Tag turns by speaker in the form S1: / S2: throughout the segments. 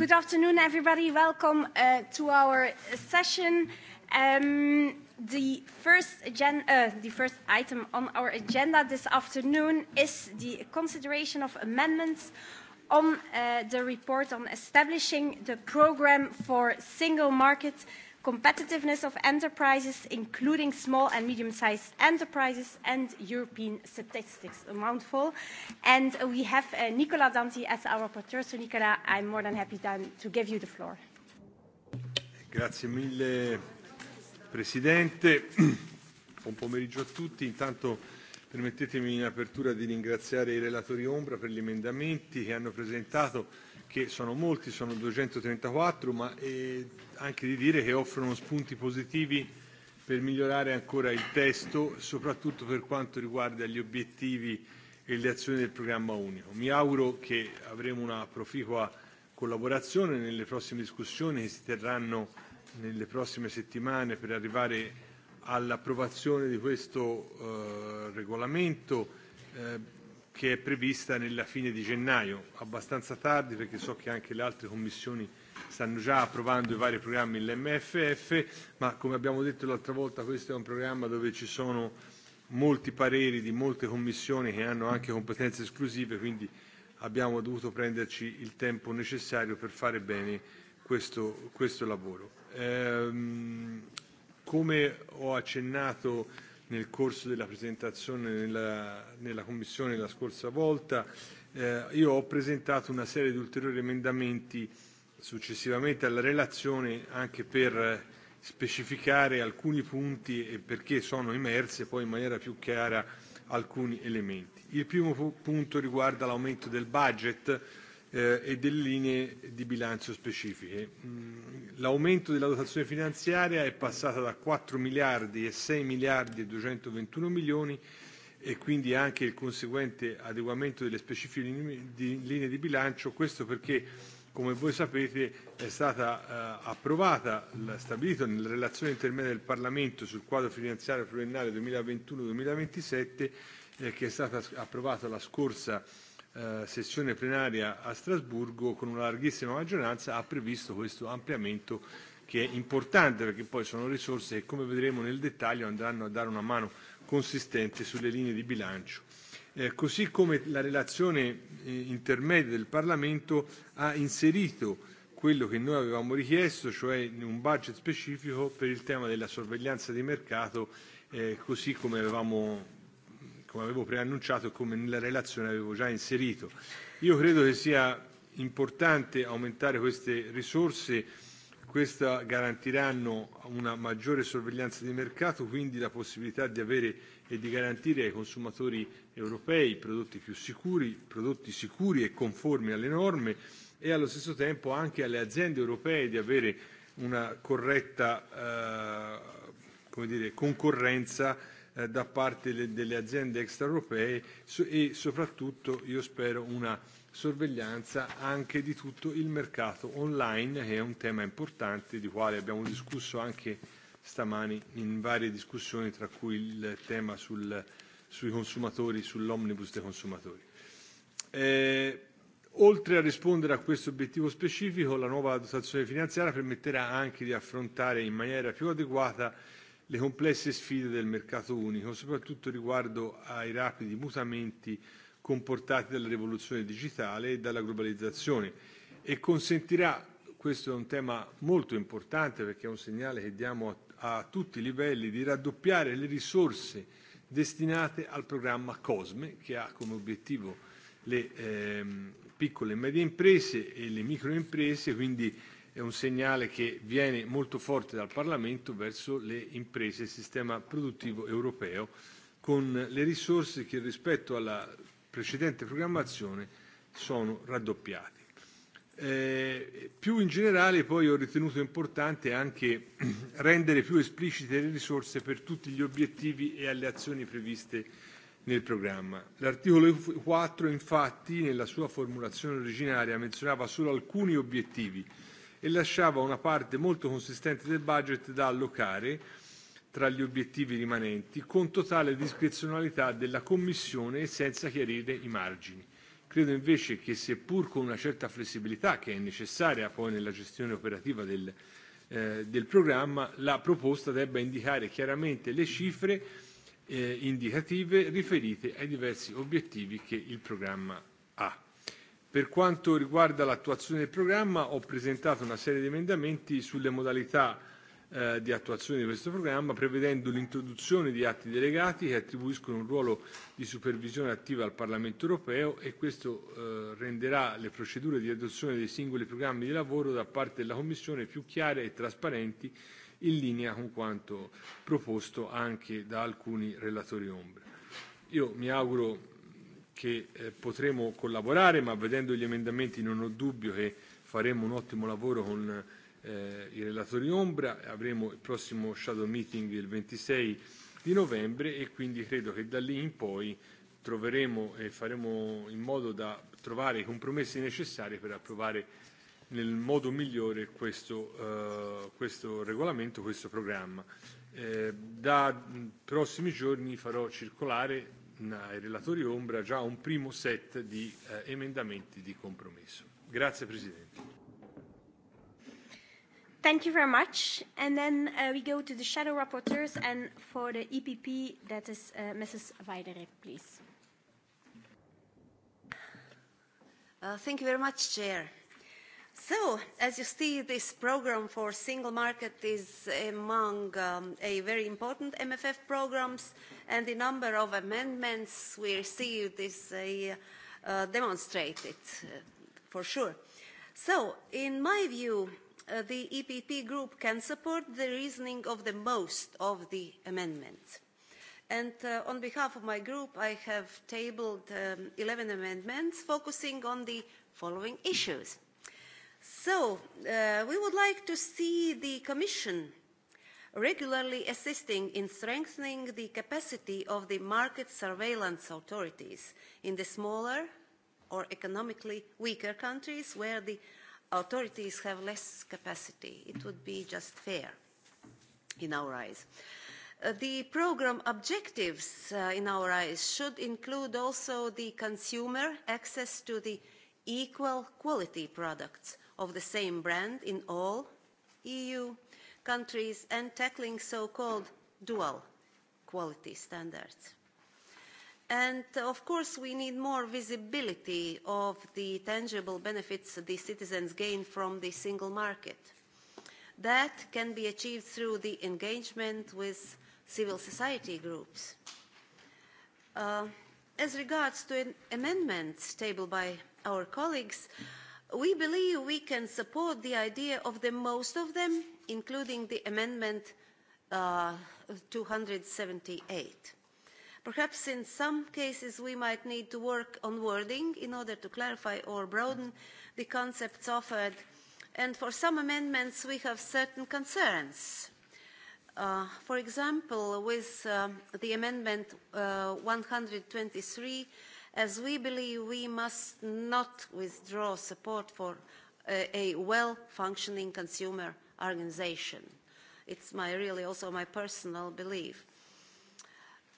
S1: Good afternoon, everybody. Welcome uh, to our session. Um, the, first agen- uh, the first item on our agenda this afternoon is the consideration of amendments on uh, the report on establishing the program for single market competitiveness of enterprises, including small and medium-sized enterprises and European statistics, a mouthful. And we have uh, Nicola Danti as our rapporteur. So, Nicola, I'm more than happy then to give you the floor.
S2: Grazie mille, Presidente. Buon pomeriggio a tutti. Intanto... Permettetemi in apertura di ringraziare i relatori ombra per gli emendamenti che hanno presentato che sono molti, sono 234, ma eh, anche di dire che offrono spunti positivi per migliorare ancora il testo, soprattutto per quanto riguarda gli obiettivi e le azioni del programma unico. Mi auguro che avremo una proficua collaborazione nelle prossime discussioni che si terranno nelle prossime settimane per arrivare all'approvazione di questo eh, regolamento. Eh, che è prevista nella fine di gennaio, abbastanza tardi perché so che anche le altre commissioni stanno già approvando i vari programmi dell'MFF, ma come abbiamo detto l'altra volta questo è un programma dove ci sono molti pareri di molte commissioni che hanno anche competenze esclusive, quindi abbiamo dovuto prenderci il tempo necessario per fare bene questo, questo lavoro. Ehm, come ho accennato nel corso della presentazione nella, nella Commissione la scorsa volta. Eh, io ho presentato una serie di ulteriori emendamenti successivamente alla relazione anche per specificare alcuni punti e perché sono emerse poi in maniera più chiara alcuni elementi. Il primo punto riguarda l'aumento del budget e delle linee di bilancio specifiche. L'aumento della dotazione finanziaria è passata da 4 miliardi e 6 miliardi e 221 milioni e quindi anche il conseguente adeguamento delle specifiche linee di bilancio, questo perché come voi sapete è stata eh, approvata, stabilito nella relazione intermedia del Parlamento sul quadro finanziario pluriennale 2021-2027 eh, che è stata approvata la scorsa sessione plenaria a Strasburgo con una larghissima maggioranza ha previsto questo ampliamento che è importante perché poi sono risorse che come vedremo nel dettaglio andranno a dare una mano consistente sulle linee di bilancio. Eh, così come la relazione eh, intermedia del Parlamento ha inserito quello che noi avevamo richiesto, cioè un budget specifico per il tema della sorveglianza di mercato, eh, così come avevamo come avevo preannunciato e come nella relazione avevo già inserito. Io credo che sia importante aumentare queste risorse, queste garantiranno una maggiore sorveglianza di mercato, quindi la possibilità di avere e di garantire ai consumatori europei prodotti più sicuri, prodotti sicuri e conformi alle norme e allo stesso tempo anche alle aziende europee di avere una corretta come dire, concorrenza da parte delle aziende extraeuropee e soprattutto, io spero, una sorveglianza anche di tutto il mercato online, che è un tema importante di quale abbiamo discusso anche stamani in varie discussioni, tra cui il tema sul, sui consumatori, sull'omnibus dei consumatori. Eh, Oltre a rispondere a questo obiettivo specifico, la nuova dotazione finanziaria permetterà anche di affrontare in maniera più adeguata le complesse sfide del mercato unico, soprattutto riguardo ai rapidi mutamenti comportati dalla rivoluzione digitale e dalla globalizzazione e consentirà, questo è un tema molto importante perché è un segnale che diamo a, a tutti i livelli, di raddoppiare le risorse destinate al programma COSME che ha come obiettivo le ehm, piccole e medie imprese e le microimprese, quindi è un segnale che viene molto forte dal Parlamento verso le imprese e il sistema produttivo europeo con le risorse che rispetto alla precedente programmazione sono raddoppiate. Eh, più in generale poi ho ritenuto importante anche rendere più esplicite le risorse per tutti gli obiettivi e alle azioni previste nel programma. L'articolo 4 infatti nella sua formulazione originaria menzionava solo alcuni obiettivi e lasciava una parte molto consistente del budget da allocare tra gli obiettivi rimanenti, con totale discrezionalità della Commissione e senza chiarire i margini. Credo invece che seppur con una certa flessibilità che è necessaria poi nella gestione operativa del, eh, del programma, la proposta debba indicare chiaramente le cifre eh, indicative riferite ai diversi obiettivi che il programma ha. Per quanto riguarda l'attuazione del programma, ho presentato una serie di emendamenti sulle modalità eh, di attuazione di questo programma, prevedendo l'introduzione di atti delegati che attribuiscono un ruolo di supervisione attiva al Parlamento europeo e questo eh, renderà le procedure di adozione dei singoli programmi di lavoro da parte della Commissione più chiare e trasparenti in linea con quanto proposto anche da alcuni relatori ombra. Io mi auguro che eh, potremo collaborare, ma vedendo gli emendamenti non ho dubbio che faremo un ottimo lavoro con eh, i relatori ombra, avremo il prossimo shadow meeting il 26 di novembre e quindi credo che da lì in poi troveremo e faremo in modo da trovare i compromessi necessari per approvare nel modo migliore questo, uh, questo regolamento, questo programma. Eh, da prossimi giorni farò circolare ai relatori ombra già un primo set di eh, emendamenti di compromesso. Grazie Presidente.
S1: Thank you very much. And then uh, we go to the shadow rapporteurs and for the EPP that is uh, Mrs. Weidere, please.
S3: Uh, thank you very much, Chair. So, as you see, this programme for single market is among um, a very important MFF programmes, and the number of amendments we received is a, uh, demonstrated, uh, for sure. So, in my view, uh, the EPP group can support the reasoning of the most of the amendments. And uh, on behalf of my group, I have tabled um, 11 amendments focusing on the following issues – So uh, we would like to see the Commission regularly assisting in strengthening the capacity of the market surveillance authorities in the smaller or economically weaker countries where the authorities have less capacity. It would be just fair in our eyes. The programme objectives in our eyes should include also the consumer access to the equal quality products of the same brand in all EU countries and tackling so-called dual quality standards. And of course, we need more visibility of the tangible benefits the citizens gain from the single market. That can be achieved through the engagement with civil society groups. Uh, as regards to amendments tabled by our colleagues, we believe we can support the idea of the most of them, including the amendment two hundred and seventy eight. Perhaps in some cases we might need to work on wording in order to clarify or broaden the concepts offered, and for some amendments we have certain concerns. for example, with the amendment one hundred and twenty three as we believe we must not withdraw support for a well-functioning consumer organisation. It's my really also my personal belief.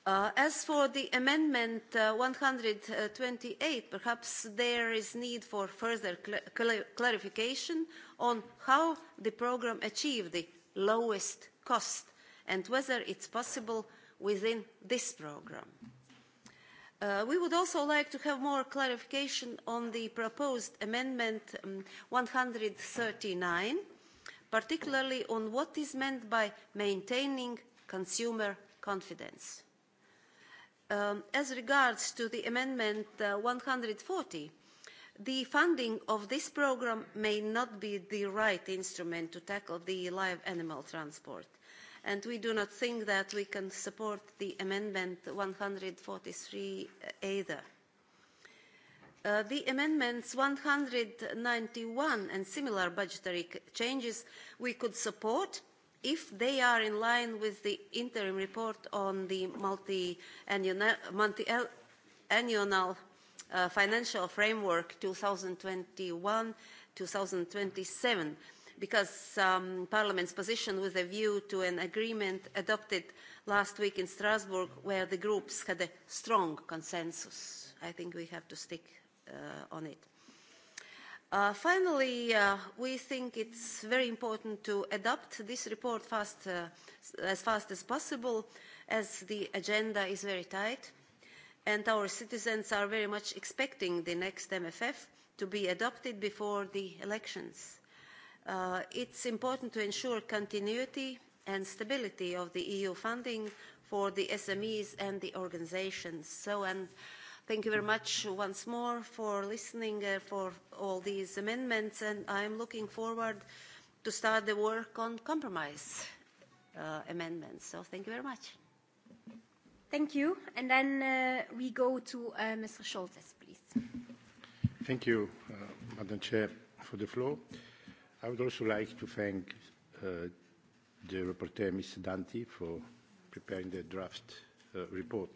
S3: Uh, as for the amendment uh, 128, perhaps there is need for further cl cl clarification on how the programme achieved the lowest cost and whether it's possible within this programme we would also like to have more clarification on the proposed amendment one hundred and thirty nine, particularly on what is meant by maintaining consumer confidence. as regards to the amendment one hundred and forty, the funding of this programme may not be the right instrument to tackle the live animal transport and we do not think that we can support the amendment 143 either. Uh, the amendments 191 and similar budgetary changes we could support if they are in line with the interim report on the multi-annual multi uh, financial framework 2021-2027 because um, Parliament's position with a view to an agreement adopted last week in Strasbourg where the groups had a strong consensus. I think we have to stick uh, on it. Uh, finally, uh, we think it's very important to adopt this report fast, uh, as fast as possible as the agenda is very tight and our citizens are very much expecting the next MFF to be adopted before the elections Uh, it's important to ensure continuity and stability of the EU funding for the SMEs and the organizations. So, and thank you very much once more for listening uh, for all these amendments, and I'm looking forward to start the work on compromise uh, amendments. So thank you very much.
S1: Thank you. And then uh, we go to uh, Mr. Scholz, please.
S4: Thank you, uh, Madam Chair, for the floor. Uh, I would also like to thank uh, the rapporteur, Mr. Danti, for preparing the draft uh, report.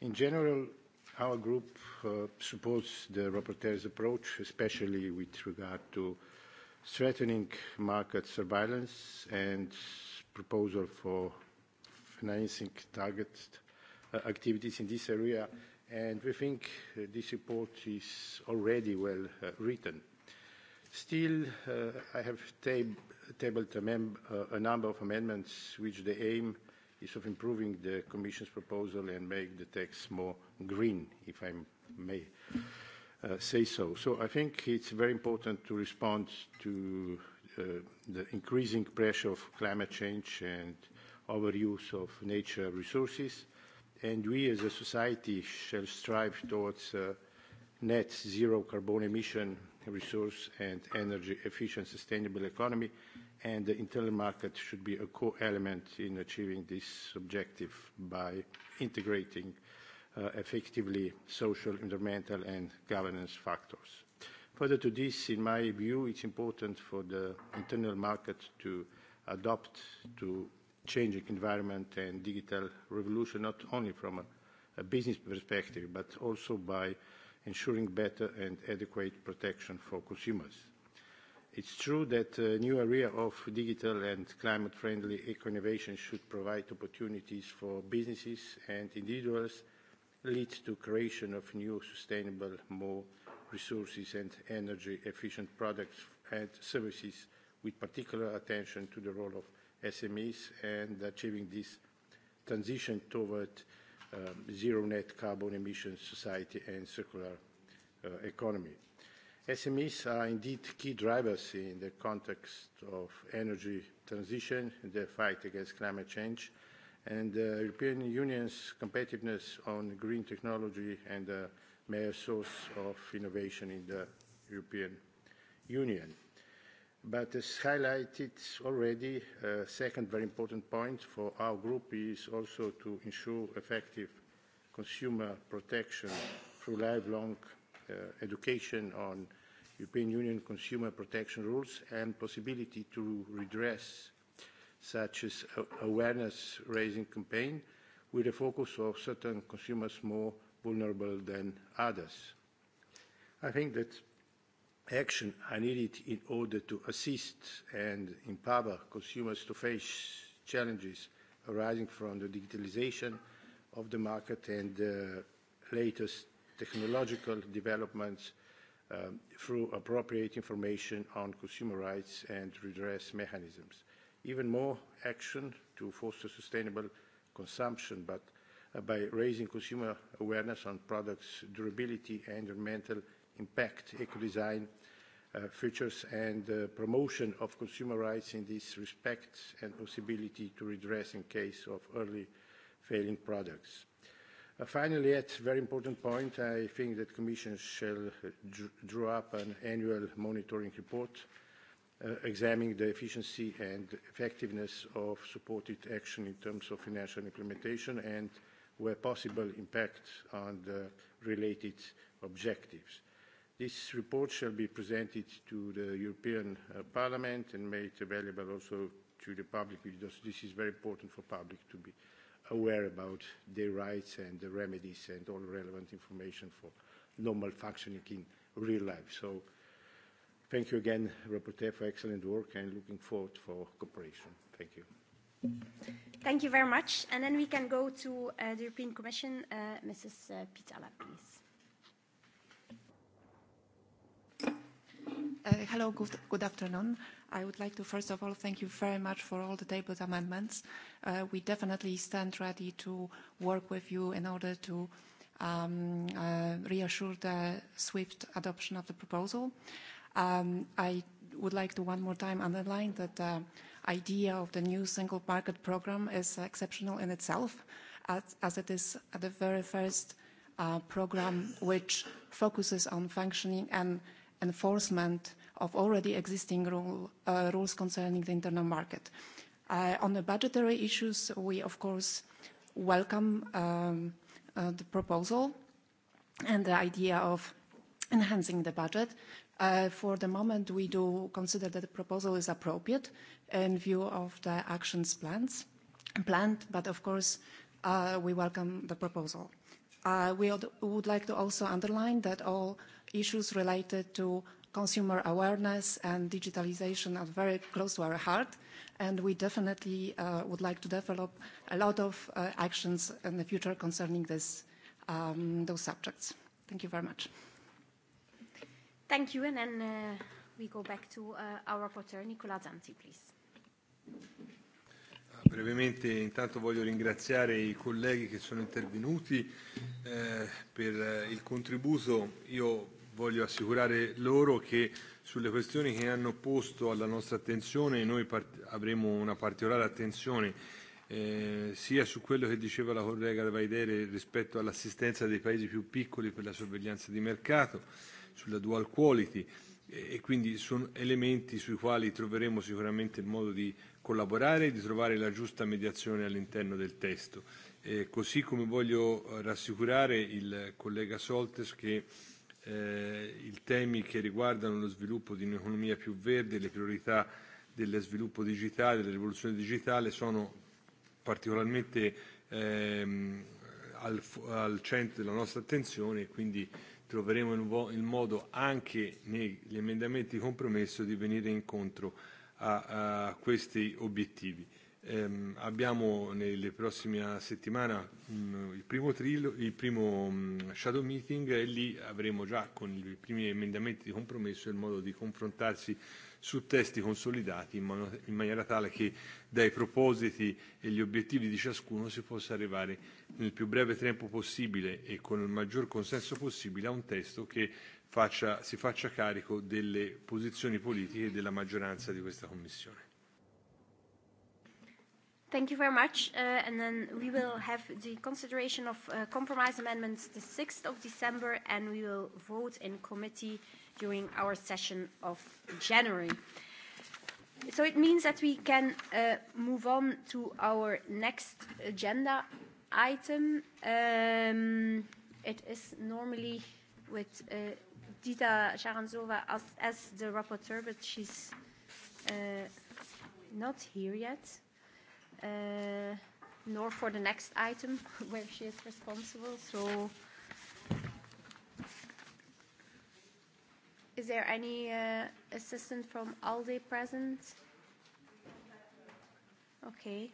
S4: In general, our group uh, supports the rapporteur's approach, especially with regard to strengthening market surveillance and proposal for financing target uh, activities in this area. And we think uh, this report is already well uh, written. Still, uh, I have tab- tabled a, mem- uh, a number of amendments which the aim is of improving the Commission's proposal and make the text more green, if I may uh, say so. So I think it's very important to respond to uh, the increasing pressure of climate change and overuse of nature resources, and we as a society shall strive towards uh, net zero carbon emission resource and energy efficient sustainable economy and the internal market should be a core element in achieving this objective by integrating uh, effectively social, environmental and governance factors. Further to this, in my view, it's important for the internal market to adapt to changing environment and digital revolution, not only from a, a business perspective, but also by ensuring better and adequate protection for consumers. It's true that a new area of digital and climate-friendly eco-innovation should provide opportunities for businesses and individuals, lead to creation of new sustainable, more resources and energy-efficient products and services, with particular attention to the role of SMEs and achieving this transition toward zero net carbon emissions society and circular economy. SMEs are indeed key drivers in the context of energy transition, the fight against climate change, and the European Union's competitiveness on green technology and the major source of innovation in the European Union. But as highlighted already, a second very important point for our group is also to ensure effective consumer protection through lifelong education on European Union consumer protection rules and possibility to redress, such as awareness-raising campaign, with a focus of certain consumers more vulnerable than others. I think that action are needed in order to assist and empower consumers to face challenges arising from the digitalization of the market and the latest technological developments through appropriate information on consumer rights and redress mechanisms. Even more action to foster sustainable consumption but by raising consumer awareness on products' durability and environmental impact, eco-design features and promotion of consumer rights in this respect and possibility to redress in case of early failing products. Finally, at a very important point, I think that Commission shall draw up an annual monitoring report examining the efficiency and effectiveness of supported action in terms of financial implementation and, where possible, impact on the related objectives. This report shall be presented to the European uh, Parliament and made available also to the public because this is very important for public to be aware about their rights and the remedies and all relevant information for normal functioning in real life. So thank you again, Rapporteur, for excellent work and looking forward for cooperation. Thank you.
S1: Thank you very much. And then we can go to uh, the European Commission. Uh, Mrs. Uh, Pitala, please.
S5: hello, good, good afternoon. I would like to first of all thank you very much for all the tabled amendments. Uh, we definitely stand ready to work with you in order to um, uh, reassure the swift adoption of the proposal. Um, I would like to one more time underline that the idea of the new single market program is exceptional in itself, as, as it is the very first uh, program which focuses on functioning and enforcement of already existing rule, uh, rules concerning the internal market. Uh, on the budgetary issues, we of course welcome um, uh, the proposal and the idea of enhancing the budget. Uh, for the moment, we do consider that the proposal is appropriate in view of the actions plans, planned, but of course, uh, we welcome the proposal. Uh, we would like to also underline that all issues related to consumer awareness and digitalization are very close to our heart, and we definitely would like to develop a lot of actions in the future concerning this, um, those subjects. Thank you very much.
S1: Thank you, and then uh, we go back to uh, our rapporteur, Nicola Zanzi, please.
S2: Brevemente intanto voglio ringraziare i colleghi che sono intervenuti eh, per il contributo. Io voglio assicurare loro che sulle questioni che hanno posto alla nostra attenzione noi avremo una particolare attenzione eh, sia su quello che diceva la collega Vaidere rispetto all'assistenza dei paesi più piccoli per la sorveglianza di mercato, sulla dual quality e quindi sono elementi sui quali troveremo sicuramente il modo di collaborare e di trovare la giusta mediazione all'interno del testo. Eh, così come voglio rassicurare il collega Soltes che eh, i temi che riguardano lo sviluppo di un'economia più verde, le priorità del sviluppo digitale, della rivoluzione digitale sono particolarmente ehm, al, al centro della nostra attenzione e quindi troveremo il, il modo anche negli emendamenti compromesso di venire incontro a, a questi obiettivi. Eh, abbiamo nelle prossime settimane il primo, trilo, il primo mh, shadow meeting e lì avremo già con i primi emendamenti di compromesso il modo di confrontarsi su testi consolidati in, man- in maniera tale che dai propositi e gli obiettivi di ciascuno si possa arrivare nel più breve tempo possibile e con il maggior consenso possibile a un testo che faccia, si faccia carico delle posizioni politiche e della maggioranza di questa Commissione.
S1: Thank you very much. Uh, and then we will have the consideration of uh, compromise amendments the 6th of December, and we will vote in committee during our session of January. So it means that we can uh, move on to our next agenda item. Um, it is normally with uh, Dita Sharanzova as, as the rapporteur, but she's uh, not here yet uh, nor for the next item where she is responsible. So, is there any uh, assistant from ALDE present? Okay.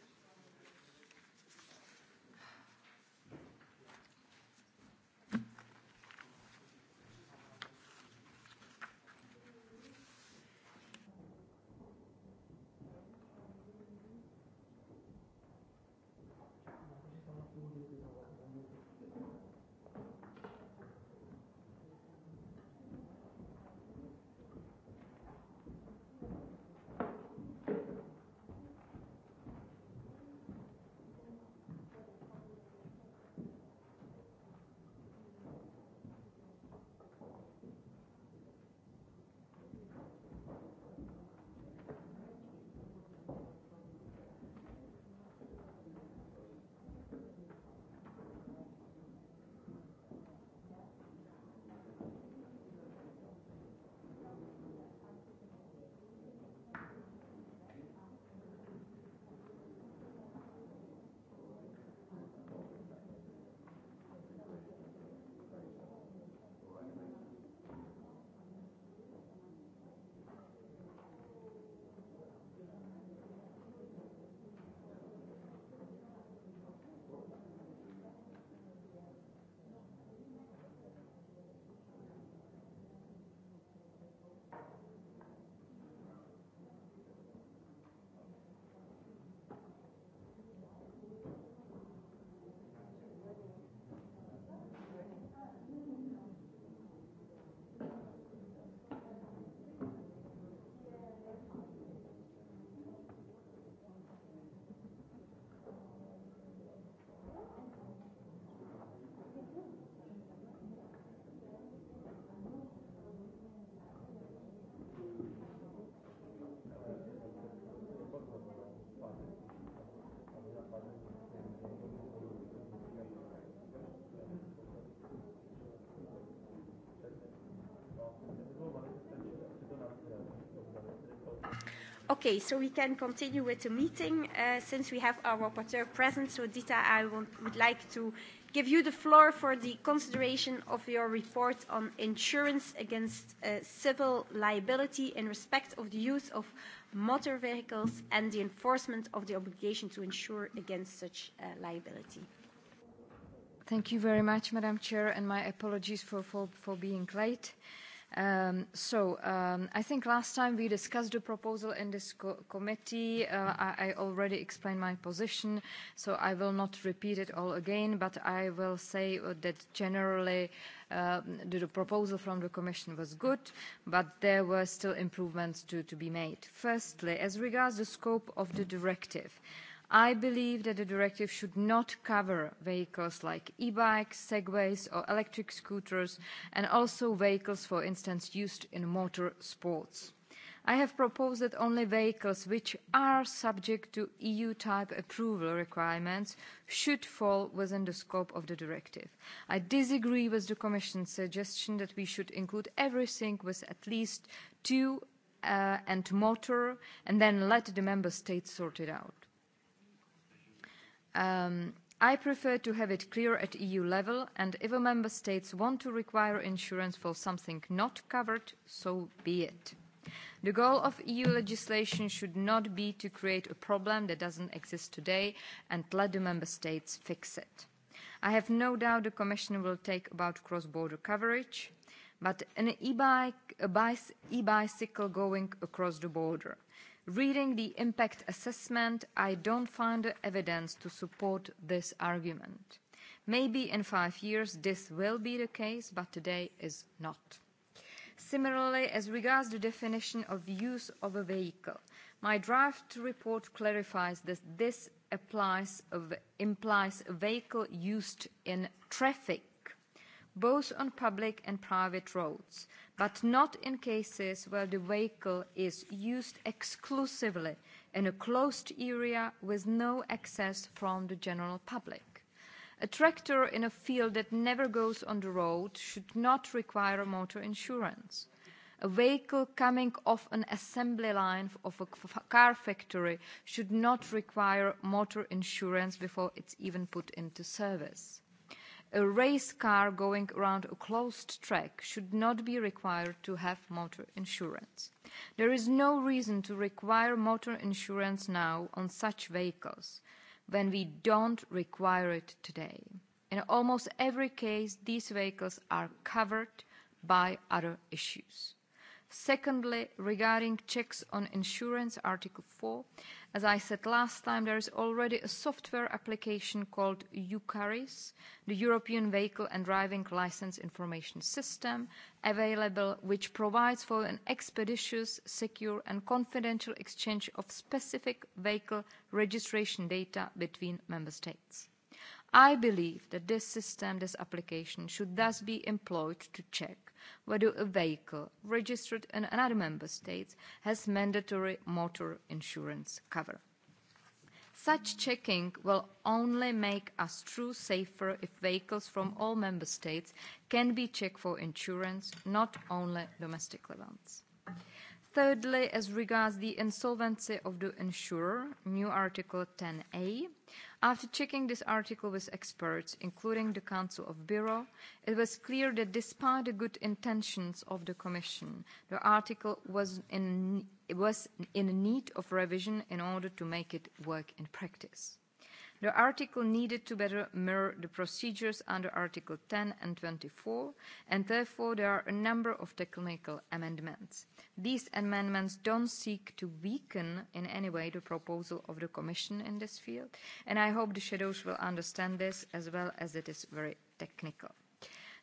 S1: Okay, so we can continue with the meeting uh, since we have our rapporteur present. So Dita, I want, would like to give you the floor for the consideration of your report on insurance against uh, civil liability in respect of the use of motor vehicles and the enforcement of the obligation to insure against such uh, liability.
S6: Thank you very much, Madam Chair, and my apologies for, for, for being late. Uh, Um, so um, I think last time we discussed the proposal in this co committee. Uh, I, I already explained my position, so I will not repeat it all again, but I will say that generally uh, the, the proposal from the Commission was good, but there were still improvements to, to be made. Firstly, as regards the scope of the directive, uh, I believe that the directive should not cover vehicles like e-bikes, segways or electric scooters and also vehicles, for instance, used in motor sports. I have proposed that only vehicles which are subject to EU type approval requirements should fall within the scope of the directive. I disagree with the Commission's suggestion that we should include everything with at least two uh, and motor and then let the member states sort it out. I prefer to have it clear at EU level, and if a member state wants to require insurance for something not covered, so be it. The goal of EU legislation should not be to create a problem that doesn't exist today and let the member states fix it. I have no doubt the Commission will take about cross-border coverage, but an e-bicycle going across the border Reading the impact assessment, I don't find the evidence to support this argument. Maybe in five years this will be the case, but today is not. Similarly, as regards the definition of use of a vehicle, my draft report clarifies that this applies of, implies a vehicle used in traffic both on public and private roads, but not in cases where the vehicle is used exclusively in a closed area with no access from the general public. A tractor in a field that never goes on the road should not require motor insurance. A vehicle coming off an assembly line of a car factory should not require motor insurance before it's even put into service A race car going around a closed track should not be required to have motor insurance. There is no reason to require motor insurance now on such vehicles when we don't require it today. In almost every case, these vehicles are covered by other issues. Secondly, regarding checks on insurance, Article 4, As I said last time, there is already a software application called Eucaris, the European Vehicle and Driving Licence Information System, available, which provides for an expeditious, secure and confidential exchange of specific vehicle registration data between member states. I believe that this system, this application, should thus be employed to check where a vehicle registered in another member state has mandatory motor insurance cover. Such checking will only make us true safer if vehicles from all member states can be checked for insurance, not only domestic ones. Thirdly, as regards the insolvency of the insurer, new Article 10a, after checking this article with experts, including the Council of Bureau, it was clear that despite the good intentions of the Commission, the article was in, was in need of revision in order to make it work in practice. The article needed to better mirror the procedures under Article 10 and 24, and therefore there are a number of technical amendments. These amendments don't seek to weaken in any way the proposal of the Commission in this field, and I hope the shadows will understand this as well as it is very technical.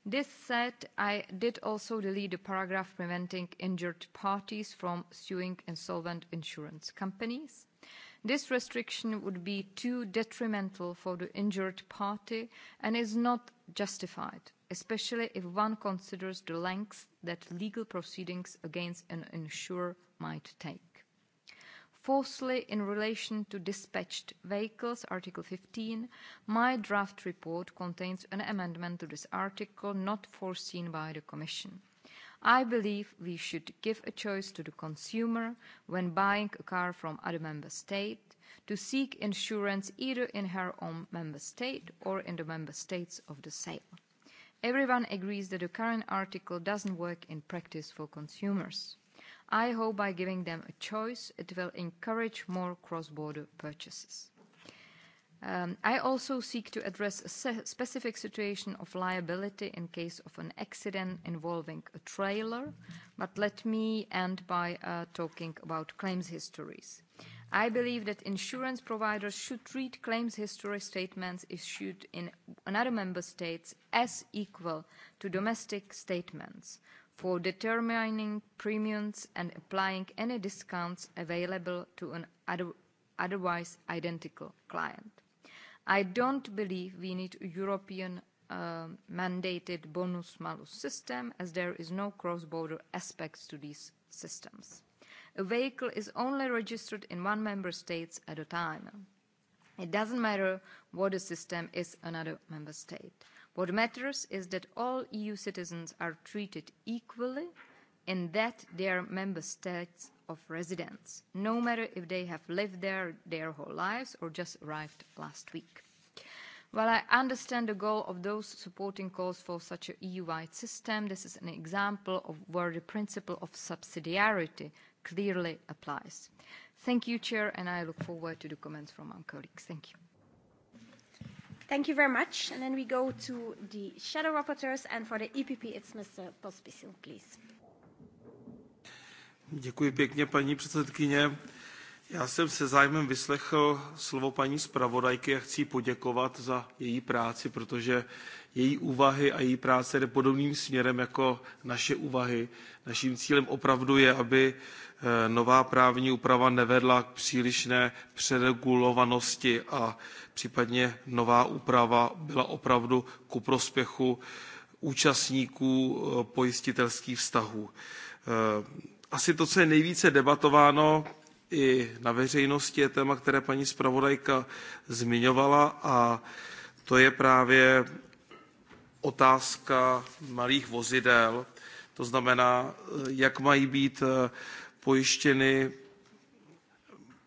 S6: This said, I did also delete the paragraph preventing injured parties from suing insolvent insurance companies This restriction would be too detrimental for the injured party and is not justified, especially if one considers the lengths that legal proceedings against an insurer might take. Fourthly, in relation to dispatched vehicles, Article 15, my draft report contains an amendment to this article not foreseen by the Commission. I believe we should give a choice to the consumer when buying a car from other member state to seek insurance either in her own member state or in the member states of the sale. Everyone agrees that the current article doesn't work in practice for consumers. I hope by giving them a choice, it will encourage more cross-border purchases. I also seek to address a specific situation of liability in case of an accident involving a trailer, but let me end by talking about claims histories. I believe that insurance providers should treat claims history statements issued in another member states as equal to domestic statements for determining premiums and applying any discounts available to an otherwise identical client. I don't believe we need a European mandated bonus-malus system as there is no cross-border aspect to these systems. A vehicle is only registered in one member state at a time. It doesn't matter what the system is another member state. What matters is that all EU citizens are treated equally in that their member states of residence, no matter if they have lived there their whole lives or just arrived last week. While I understand the goal of those supporting calls for such an EU-wide system, this is an example of where the principle of subsidiarity clearly applies. Thank you, Chair, and I look forward to the comments from my colleagues. Thank you. Thank you
S1: very much. And then we go to the shadow rapporteurs, and for the EPP, it's Mr. Pospisil, please.
S7: Děkuji pěkně, paní předsedkyně. Já jsem se zájmem vyslechl slovo paní zpravodajky a chci jí poděkovat za její práci, protože její úvahy a její práce jde podobným směrem jako naše úvahy. Naším cílem opravdu je, aby nová právní úprava nevedla k přílišné přeregulovanosti a případně nová úprava byla opravdu ku prospěchu účastníků pojistitelských vztahů Asi to, co je nejvíce debatováno i na veřejnosti, je téma, které paní zpravodajka zmiňovala, a to je právě otázka malých vozidel, to znamená, jak mají být pojištěny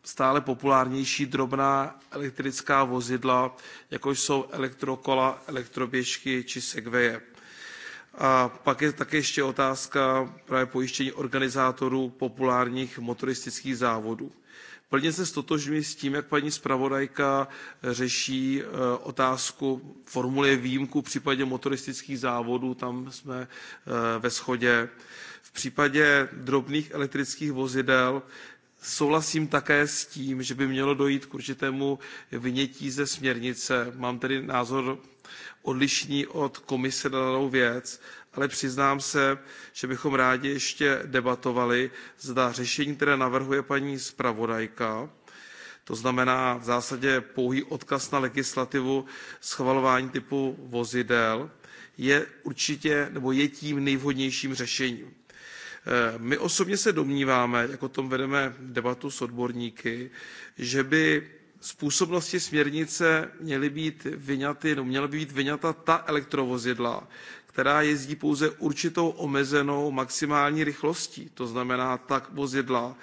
S7: stále populárnější drobná elektrická vozidla, jako jsou elektrokola, elektroběžky či segveje. A pak je také ještě otázka právě pojištění organizátorů populárních motoristických závodů. Plně se stotožňuji s tím, jak paní zpravodajka řeší otázku, formuluje výjimku v případě motoristických závodů, tam jsme ve shodě. V případě drobných elektrických vozidel Souhlasím také s tím, že by mělo dojít k určitému vynětí ze směrnice. Mám tedy názor Odlišní od komise na danou věc, ale přiznám se, že bychom rádi ještě debatovali, zda řešení, které navrhuje paní zpravodajka, to znamená v zásadě pouhý odkaz na legislativu schvalování typu vozidel, je určitě nebo je tím nejvhodnějším řešením. My osobně se domníváme, jak o tom vedeme debatu s odborníky, že by z působnosti směrnice měly být vyňaty, no, měla by být vyňata ta elektrovozidla, která jezdí pouze určitou omezenou maximální rychlostí. To znamená tak vozidla,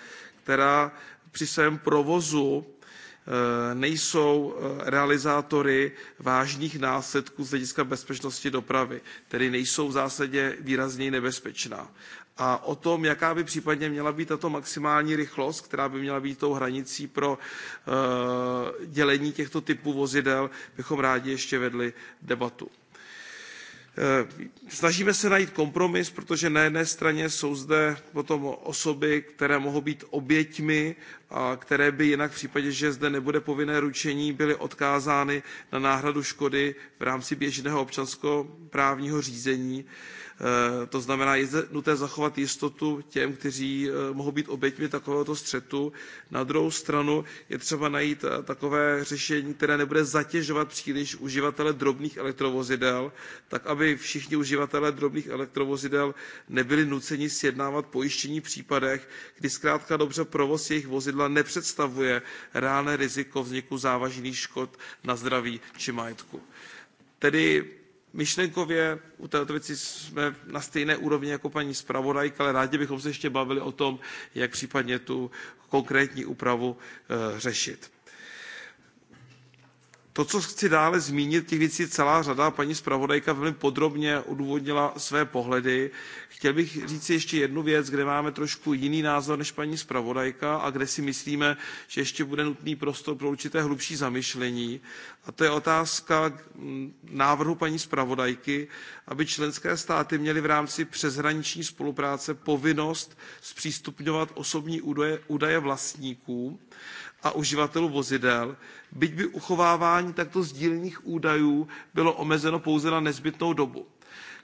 S7: která při svém provozu nejsou realizátory vážných následků z hlediska bezpečnosti dopravy, tedy nejsou v zásadě výrazněji nebezpečná a o tom, jaká by případně měla být tato maximální rychlost, která by měla být tou hranicí pro dělení těchto typů vozidel, bychom rádi ještě vedli debatu. Snažíme se najít kompromis, protože na jedné straně jsou zde potom osoby, které mohou být oběťmi a které by jinak v případě, že zde nebude povinné ručení, byly odkázány na náhradu škody v rámci běžného občanskoprávního řízení. To znamená, je nutné zachovat jistotu těm, kteří mohou být oběťmi takovéhoto střetu. Na druhou stranu je třeba najít takové řešení, které nebude zatěžovat příliš uživatele drobných elektrovozidel, tak aby všichni uživatelé drobných elektrovozidel nebyli nuceni sjednávat pojištění v případech, kdy zkrátka dobře provoz jejich vozidla nepředstavuje reálné riziko vzniku závažných škod na zdraví či majetku. Tedy Myšlenkově u této věci jsme na stejné úrovni jako paní zpravodajka, ale rádi bychom se ještě bavili o tom, jak případně tu konkrétní úpravu řešit. To, co chci dále zmínit, těch věcí je celá řada, paní zpravodajka velmi podrobně odůvodnila své pohledy. Chtěl bych říct ještě jednu věc, kde máme trošku jiný názor než paní zpravodajka a kde si myslíme, že ještě bude nutný prostor pro určité hlubší zamyšlení. A to je otázka návrhu paní zpravodajky, aby členské státy měly v rámci přeshraniční spolupráce povinnost zpřístupňovat osobní údaje, vlastníkům. vlastníků a uživatelů vozidel, byť by uchovávání takto sdílených údajů bylo omezeno pouze na nezbytnou dobu.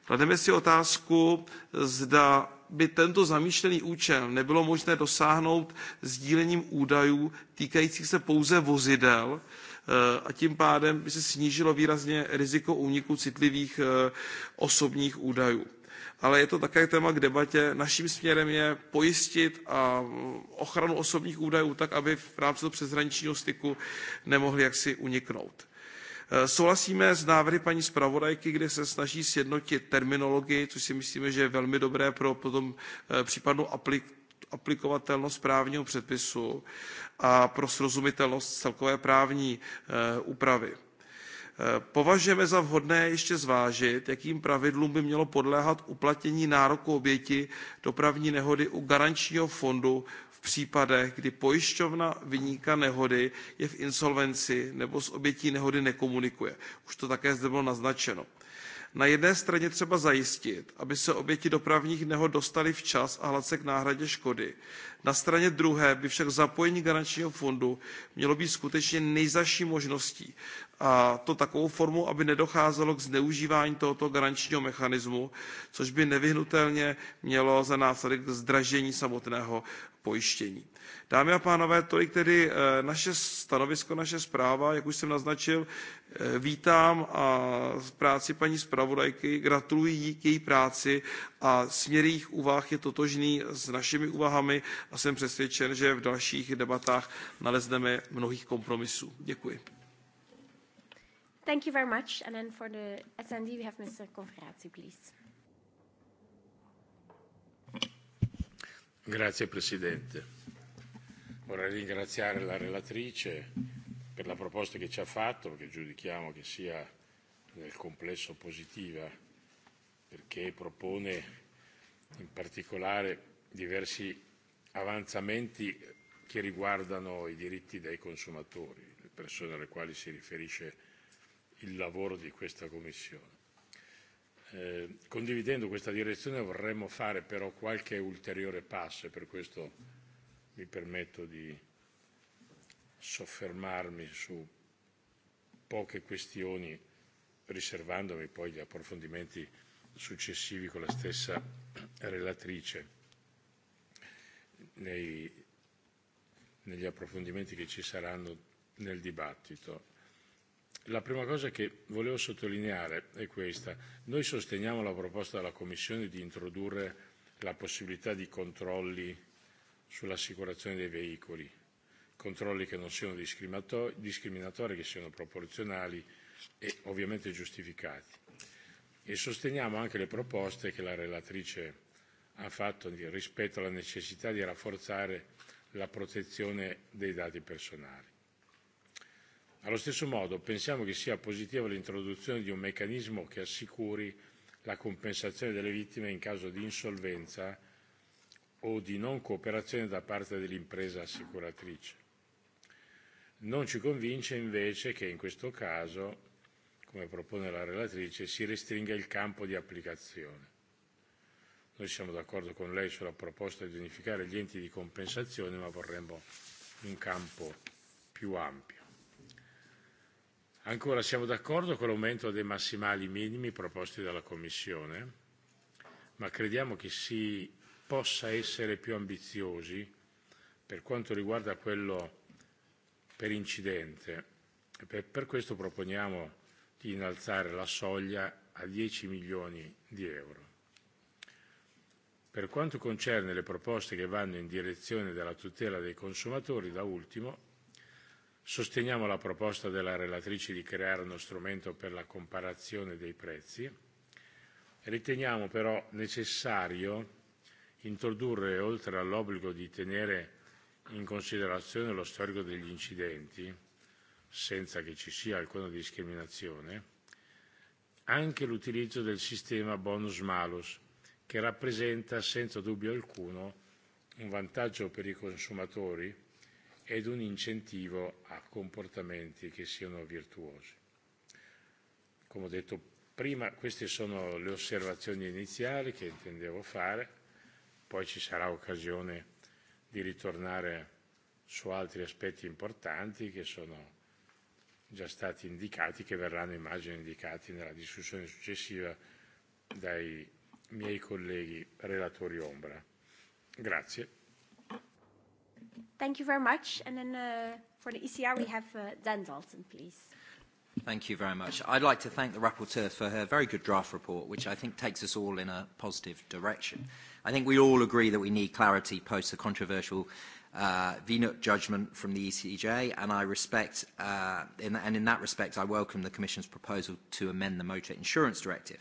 S7: Klademe si otázku, zda by tento zamýšlený účel nebylo možné dosáhnout sdílením údajů týkajících se pouze vozidel a tím pádem by se snížilo výrazně riziko úniku citlivých osobních údajů ale je to také téma k debatě. Naším směrem je pojistit a ochranu osobních údajů tak, aby v rámci toho přeshraničního styku nemohli jaksi uniknout. Souhlasíme s návrhy paní zpravodajky, kde se snaží sjednotit terminologii, což si myslíme, že je velmi dobré pro potom případnou aplikovatelnost právního předpisu a pro srozumitelnost celkové právní úpravy. Považujeme za vhodné ještě zvážit, jakým pravidlům by mělo podléhat uplatnění nároku oběti dopravní nehody u garančního fondu v případech, kdy pojišťovna vyníka nehody je v insolvenci nebo s obětí nehody nekomunikuje. Už to také zde bylo naznačeno. Na jedné straně třeba zajistit, aby se oběti dopravních nehod dostaly včas a hladce k náhradě škody. Na straně druhé by však zapojení garančního fondu mělo být skutečně nejzaší možností a to takovou formu, aby nedocházelo k zneužívání tohoto garančního mechanismu, což by nevyhnutelně mělo za následek zdražení samotného pojištění. Dámy a pánové, tolik tedy naše stanovisko, naše zpráva, jak už jsem naznačil, vítám a práci paní zpravodajky, gratuluji jí k její práci a směr jejich úvah je totožný s našimi úvahami a jsem přesvědčen, že v dalších debatách nalezneme mnohých kompromisů. Děkuji.
S1: Thank you very much. And then for the attendee, we have Mr. Conferati, please.
S8: Grazie Presidente. Vorrei ringraziare la relatrice per la proposta che ci ha fatto, che giudichiamo che sia nel complesso positiva, perché propone in particolare diversi avanzamenti che riguardano i diritti dei consumatori, le persone alle quali si riferisce il lavoro di questa Commissione. Eh, condividendo questa direzione vorremmo fare però qualche ulteriore passo e per questo mi permetto di soffermarmi su poche questioni riservandomi poi gli approfondimenti successivi con la stessa relatrice. Nei, negli approfondimenti che ci saranno nel dibattito. La prima cosa che volevo sottolineare è questa. Noi sosteniamo la proposta della Commissione di introdurre la possibilità di controlli sull'assicurazione dei veicoli, controlli che non siano discriminatori, che siano proporzionali e ovviamente giustificati. E sosteniamo anche le proposte che la relatrice ha fatto rispetto alla necessità di rafforzare la protezione dei dati personali. Allo stesso modo pensiamo che sia positiva l'introduzione di un meccanismo che assicuri la compensazione delle vittime in caso di insolvenza o di non cooperazione da parte dell'impresa assicuratrice. Non ci convince invece che in questo caso, come propone la relatrice, si restringa il campo di applicazione. Noi siamo d'accordo con lei sulla proposta di unificare gli enti di compensazione, ma vorremmo un campo più ampio. Ancora siamo d'accordo con l'aumento dei massimali minimi proposti dalla Commissione, ma crediamo che si possa essere più ambiziosi per quanto riguarda quello per incidente. Per, per questo proponiamo di innalzare la soglia a 10 milioni di euro. Per quanto concerne le proposte che vanno in direzione della tutela dei consumatori, da ultimo, Sosteniamo la proposta della relatrice di creare uno strumento per la comparazione dei prezzi. Riteniamo però necessario introdurre, oltre all'obbligo di tenere in considerazione lo storico degli incidenti, senza che ci sia alcuna discriminazione, anche l'utilizzo del sistema bonus malus, che rappresenta senza dubbio alcuno un vantaggio per i consumatori ed un incentivo a comportamenti che siano virtuosi. Come ho detto prima, queste sono le osservazioni iniziali che intendevo fare, poi ci sarà occasione di ritornare su altri aspetti importanti che sono già stati indicati, che verranno immagino indicati nella discussione successiva dai miei colleghi relatori ombra.
S9: Grazie.
S1: Thank you very much. And then uh, for the ECR, we have uh, Dan Dalton, please.
S9: Thank you very much. I'd like to thank the rapporteur for her very good draft report, which I think takes us all in a positive direction. I think we all agree that we need clarity post the controversial uh, VNUT judgment from the ECJ, and I respect, uh, in, and in that respect, I welcome the Commission's proposal to amend the Motor Insurance Directive.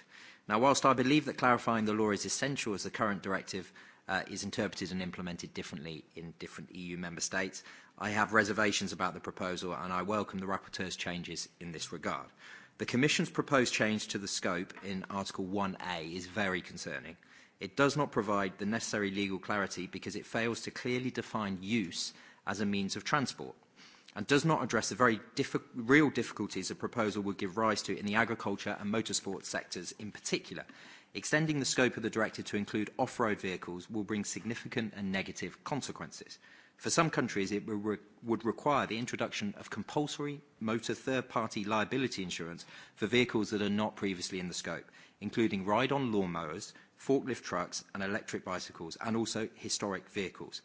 S9: Now, whilst I believe that clarifying the law is essential as the current directive uh, is interpreted and implemented differently in different EU member states. I have reservations about the proposal and I welcome the rapporteur's changes in this regard. The Commission's proposed change to the scope in Article 1A is very concerning. It does not provide the necessary legal clarity because it fails to clearly define use as a means of transport and does not address the very diffi real difficulties the proposal would give rise to in the agriculture and motorsport sectors in particular, Extending the scope of the directive to include off-road vehicles will bring significant and negative consequences. For some countries, it would require the introduction of compulsory motor third-party liability insurance for vehicles that are not previously in the scope, including ride-on lawnmowers, forklift trucks and electric bicycles, and also historic vehicles.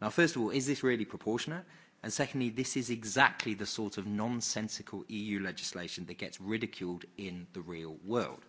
S9: Now, first of all, is this really proportionate? And secondly, this is exactly the sort of nonsensical EU legislation that gets ridiculed in the real world.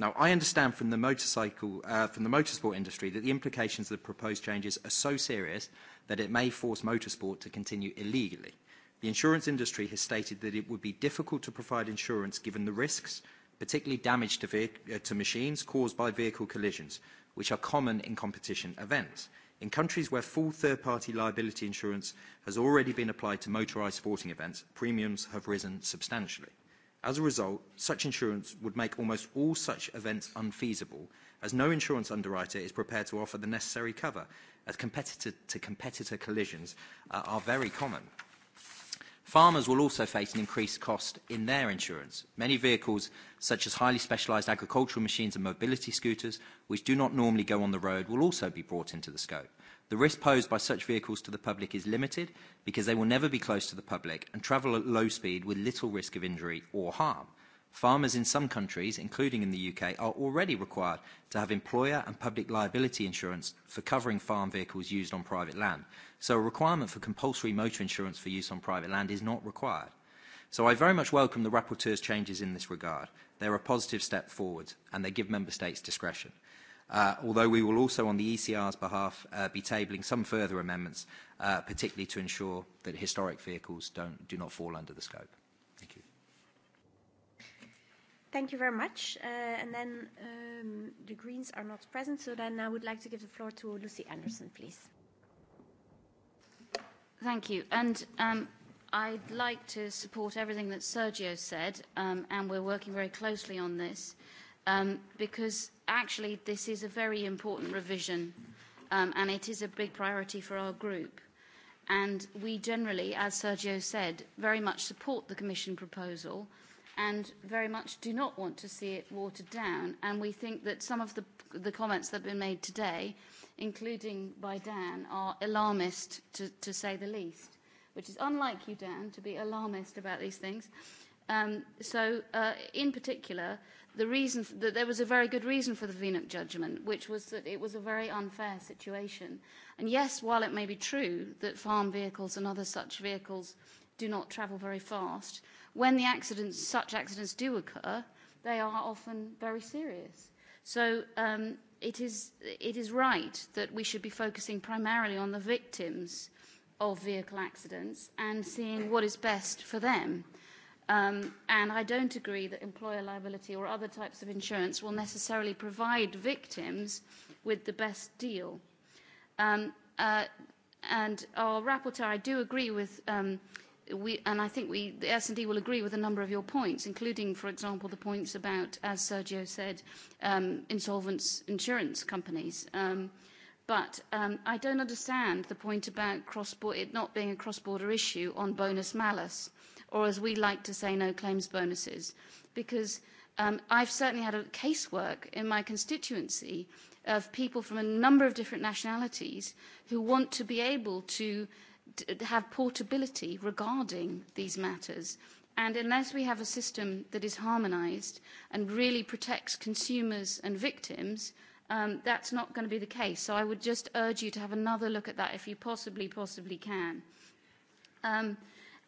S9: Now, I understand from the motorcycle, uh, from the motorsport industry that the implications of the proposed changes are so serious that it may force motorsport to continue illegally. The insurance industry has stated that it would be difficult to provide insurance given the risks, particularly damage to, vehicle uh, to machines caused by vehicle collisions, which are common in competition events. In countries where full third-party liability insurance has already been applied to motorised sporting events, premiums have risen substantially. As a result, such insurance would make almost all such events unfeasible, as no insurance underwriter is prepared to offer the necessary cover, as competitor-to-competitor collisions uh, are very common. Farmers will also face an increased cost in their insurance. Many vehicles, such as highly specialised agricultural machines and mobility scooters, which do not normally go on the road, will also be brought into the scope. The risk posed by such vehicles to the public is limited because they will never be close to the public and travel at low speed with little risk of injury or harm. Farmers in some countries, including in the UK, are already required to have employer and public liability insurance for covering farm vehicles used on private land. So a requirement for compulsory motor insurance for use on private land is not required. So I very much welcome the rapporteur's changes in this regard. They're a positive step forward and they give member states discretion uh, although we will also, on the ECR's behalf, uh, be tabling some further amendments, uh, particularly to ensure that historic vehicles don't, do not fall under the scope. Thank you.
S1: Thank you very much. Uh, and then um, the Greens are not present, so then I would like to give the floor to
S10: Lucy Anderson, please. Thank you. And um, I'd like to support everything that Sergio said, um, and we're working very closely on this um, because actually this is a very important revision um, and it is a big priority for our group. And we generally, as Sergio said, very much support the Commission proposal and very much do not want to see it watered down. And we think that some of the, the comments that have been made today, including by Dan, are alarmist to, to say the least, which is unlike you, Dan, to be alarmist about these things. Um, so, uh, in particular, the reason that there was a very good reason for the Vinuk judgment, which was that it was a very unfair situation. And yes, while it may be true that farm vehicles and other such vehicles do not travel very fast, when the accidents, such accidents do occur, they are often very serious. So um, it, is, it is right that we should be focusing primarily on the victims of vehicle accidents and seeing what is best for them Um, and I don't agree that employer liability or other types of insurance will necessarily provide victims with the best deal. Um, uh, and our rapporteur, I do agree with, um, we, and I think we, the S&D will agree with a number of your points, including, for example, the points about, as Sergio said, um, insolvent insurance companies. Um, but um, I don't understand the point about cross it not being a cross-border issue on bonus malice or as we like to say, no claims bonuses. Because um, I've certainly had a casework in my constituency of people from a number of different nationalities who want to be able to have portability regarding these matters. And unless we have a system that is harmonized and really protects consumers and victims, um, that's not going to be the case. So I would just urge you to have another look at that if you possibly, possibly can. Um,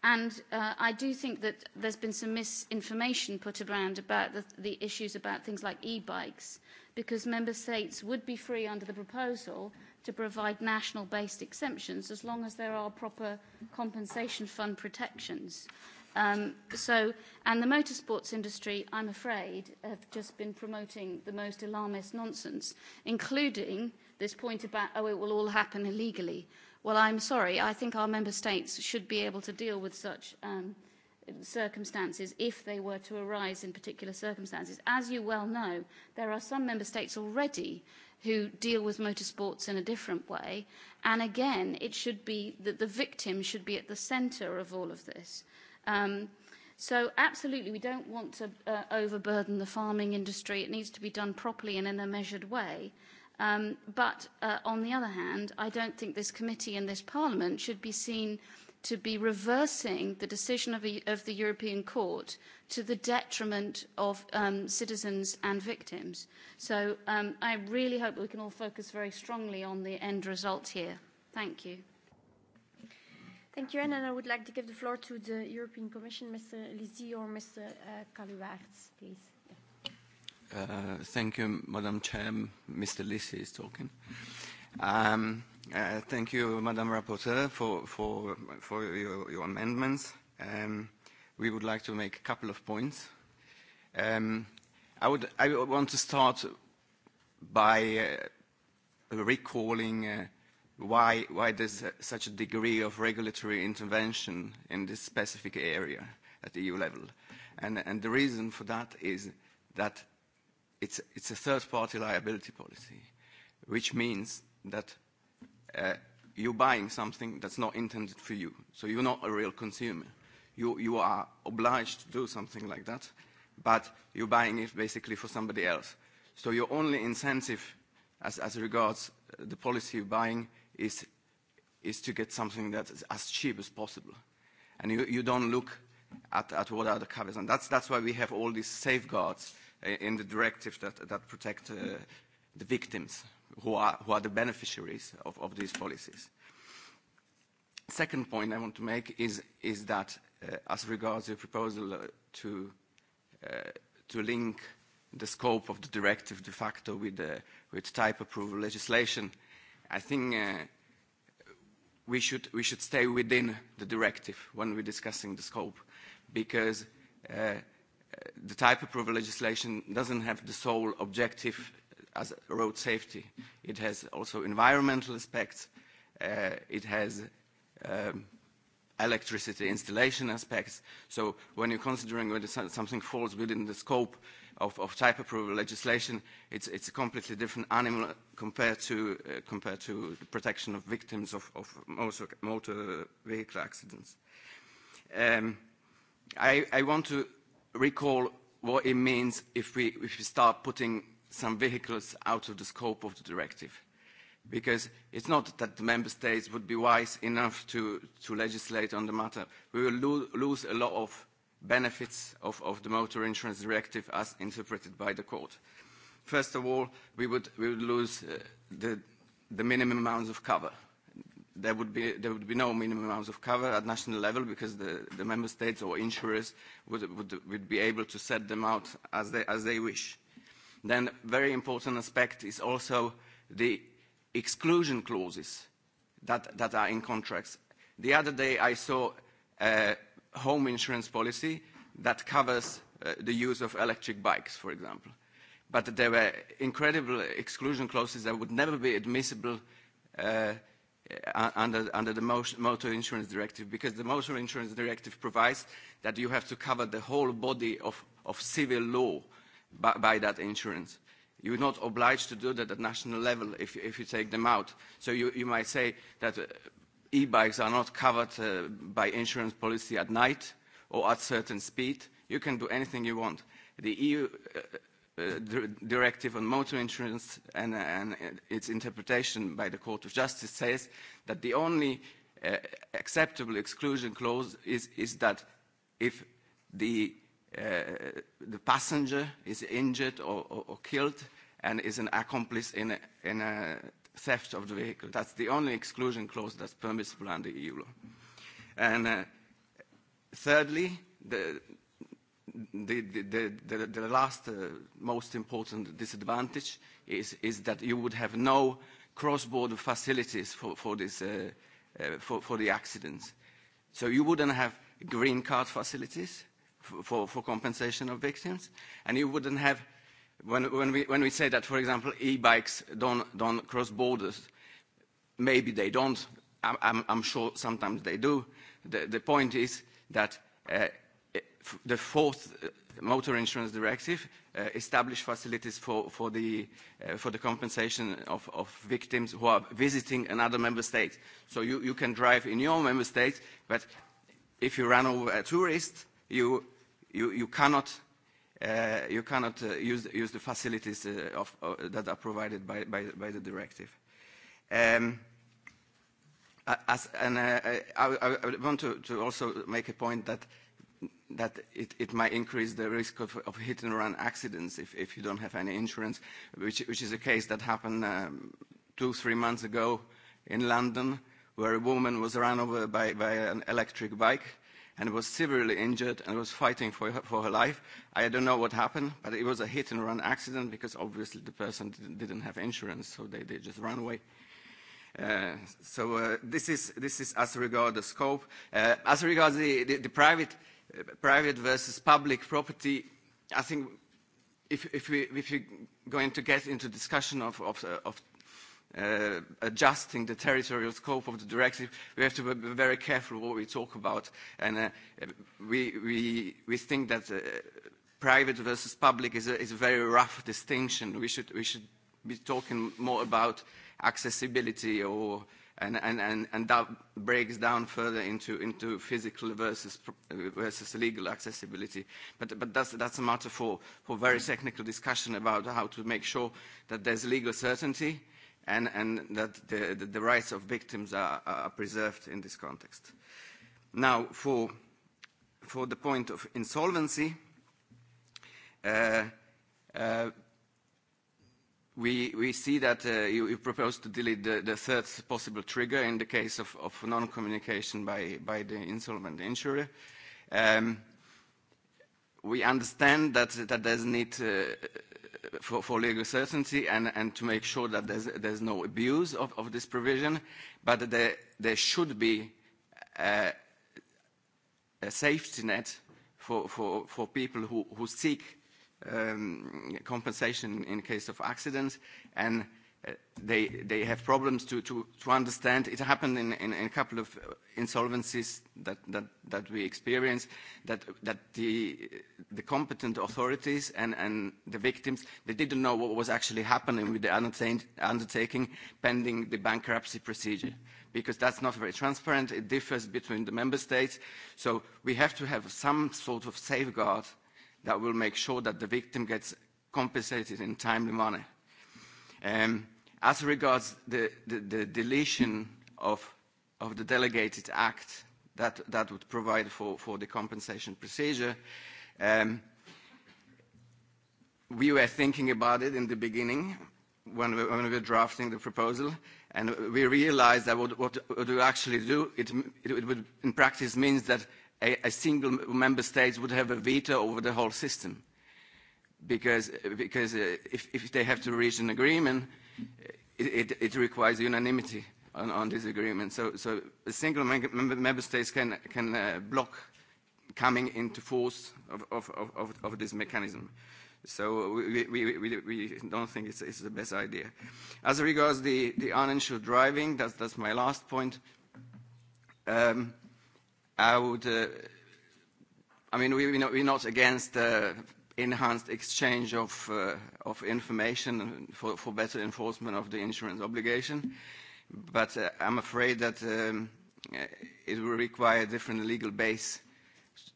S10: And uh, I do think that there's been some misinformation put around about the, the issues about things like e-bikes, because member states would be free under the proposal to provide national-based exemptions as long as there are proper compensation fund protections. Um, so, and the motorsports industry, I'm afraid, have just been promoting the most alarmist nonsense, including this point about, oh, it will all happen illegally. Well, I'm sorry. I think our member states should be able to deal with such um, circumstances if they were to arise in particular circumstances. As you well know, there are some member states already who deal with motorsports in a different way. And again, it should be that the victim should be at the centre of all of this. Um, so absolutely, we don't want to uh, overburden the farming industry. It needs to be done properly and in a measured way. Um, but uh, on the other hand, I don't think this committee and this parliament should be seen to be reversing the decision of, a, of the European Court to the detriment of um, citizens and victims. So um, I really hope we can all focus very strongly on the end result here. Thank you.
S1: Thank you, Anne. And I would like to give the floor to the European Commission, Mr. Lizy or Mr. Uh, Kaluwaerts, please.
S11: Uh, thank you, Madam Chair. Mr. Lisi is talking. Um, uh, thank you, Madam Rapporteur, for, for, for your, your amendments. Um, we would like to make a couple of points. Um, I, would, I would want to start by uh, recalling uh, why, why there's such a degree of regulatory intervention in this specific area at EU level. And, and the reason for that is that it's, it's a third-party liability policy, which means that uh, you're buying something that's not intended for you. So you're not a real consumer. You, you are obliged to do something like that, but you're buying it basically for somebody else. So your only incentive as, as regards the policy you're buying is, is to get something that's as cheap as possible. And you, you don't look at, at what are the covers. And that's, that's why we have all these safeguards – in the directive that, that protect uh, the victims who are, who are the beneficiaries of, of these policies. Second point I want to make is, is that uh, as regards your proposal uh, to, uh, to link the scope of the directive de facto with, uh, with type approval legislation, I think uh, we, should, we should stay within the directive when we're discussing the scope because uh, the type approval legislation doesn't have the sole objective as road safety. It has also environmental aspects. Uh, it has um, electricity installation aspects. So when you're considering whether something falls within the scope of, of type approval legislation, it's, it's a completely different animal compared to, uh, compared to the protection of victims of, of motor, motor vehicle accidents. Um, I, I want to recall what it means if we, if we start putting some vehicles out of the scope of the directive. Because it's not that the member states would be wise enough to, to legislate on the matter. We will lo- lose a lot of benefits of, of the motor insurance directive as interpreted by the court. First of all, we would, we would lose uh, the, the minimum amounts of cover there would be there would be no minimum amounts of cover at national level because the, the member states or insurers would, would would be able to set them out as they as they wish. Then very important aspect is also the exclusion clauses that that are in contracts. The other day I saw a home insurance policy that covers uh, the use of electric bikes, for example, but there were incredible exclusion clauses that would never be admissible. Uh, uh, under, under the Motor Insurance Directive because the Motor Insurance Directive provides that you have to cover the whole body of, of civil law by, by that insurance. You're not obliged to do that at national level if, if you take them out. So you, you might say that e-bikes are not covered uh, by insurance policy at night or at certain speed. You can do anything you want. The EU Directive on Motor Insurance and, and its interpretation by the Court of Justice says that the only uh, acceptable exclusion clause is, is that if the, uh, the passenger is injured or, or, or killed and is an accomplice in a, in a theft of the vehicle. That's the only exclusion clause that's permissible under EU law. And uh, thirdly, the, the, the, the, the last uh, most important disadvantage is, is that you would have no cross-border facilities for, for, this, uh, uh, for, for the accidents. So you wouldn't have green card facilities for, for compensation of victims, and you wouldn't have, when, when, we, when we say that, for example, e-bikes don't, don't cross borders, maybe they don't, I'm, I'm, I'm sure sometimes they do. The, the point is that uh, the fourth motor insurance directive uh, established facilities for, for, the, uh, for the compensation of, of victims who are visiting another member state. So you, you can drive in your member state, but if you run over a tourist, you, you, you cannot, uh, you cannot uh, use, use the facilities uh, of, uh, that are provided by, by, by the directive. Um, as, and uh, I, I want to, to also make a point that that it, it might increase the risk of, of hit and run accidents if, if you don't have any insurance, which, which is a case that happened um, two, three months ago in London, where a woman was run over by, by an electric bike and was severely injured and was fighting for her, for her life. I don't know what happened, but it was a hit and run accident because obviously the person didn't have insurance, so they, they just ran away. Uh, so uh, this is this is as regards the scope. Uh, as regards the, the, the private private versus public property, I think if, if, we, if you're going to get into discussion of, of, of uh, adjusting the territorial scope of the directive, we have to be very careful what we talk about. And uh, we, we, we think that uh, private versus public is a, is a very rough distinction. We should, we should be talking more about accessibility or and, and, and, and that breaks down further into, into physical versus, versus legal accessibility. But, but that's, that's a matter for, for very technical discussion about how to make sure that there's legal certainty and, and that the, the, the rights of victims are, are preserved in this context. Now, for, for the point of insolvency, uh, uh, We see that you propose to delete the third possible trigger in the case of non-communication by the insolvent insurer. We understand that there's need for legal certainty and to make sure that there's no abuse of this provision, but there should be a safety net for people who seek um, compensation in case of accidents, and uh, they they have problems to, to, to understand. It happened in, in, in a couple of insolvencies that, that, that we experienced, that that the the competent authorities and, and the victims they didn't know what was actually happening with the undertaking pending the bankruptcy procedure because that's not very transparent. It differs between the member states. So we have to have some sort of safeguard uh, that will make sure that the victim gets compensated in timely manner. Um, as regards the, the, the deletion of, of the delegated act that, that would provide for, for the compensation procedure, um, we were thinking about it in the beginning when we, when we were drafting the proposal, and we realized that what, what, what we actually do, it, it would in practice means that a, a single member state would have a veto over the whole system. Because, because uh, if, if they have to reach an agreement, it, it, it requires unanimity on, on this agreement. So, so a single member, member states can, can uh, block coming into force of, of, of, of this mechanism. So we, we, we, we don't think it's, it's the best idea. As regards the, the uninsured driving, that's, that's my last point. Um, I would, uh, I mean, we, we're, not, we're not against uh, enhanced exchange of, uh, of information for, for better enforcement of the insurance obligation, but uh, I'm afraid that um, it will require a different legal base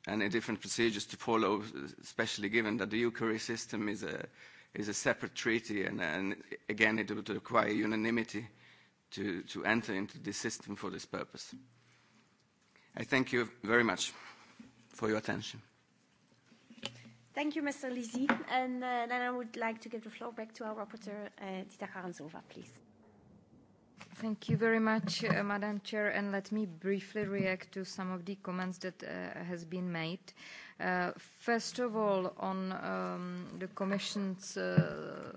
S11: and a different procedures to follow, especially given that the UCURI system is a, is a separate treaty, and, and again, it would require unanimity to, to enter into this system for this purpose. Mm -hmm. I thank you very much for your attention.
S1: Thank you, Mr. Lisi. And uh, then I would like to give the floor back to our rapporteur, uh, Tita Karanzova, please.
S6: Thank you very much, uh, Madam Chair, and let me briefly react to some of the comments that uh, has been made. Uh, first of all, on um, the Commission's uh,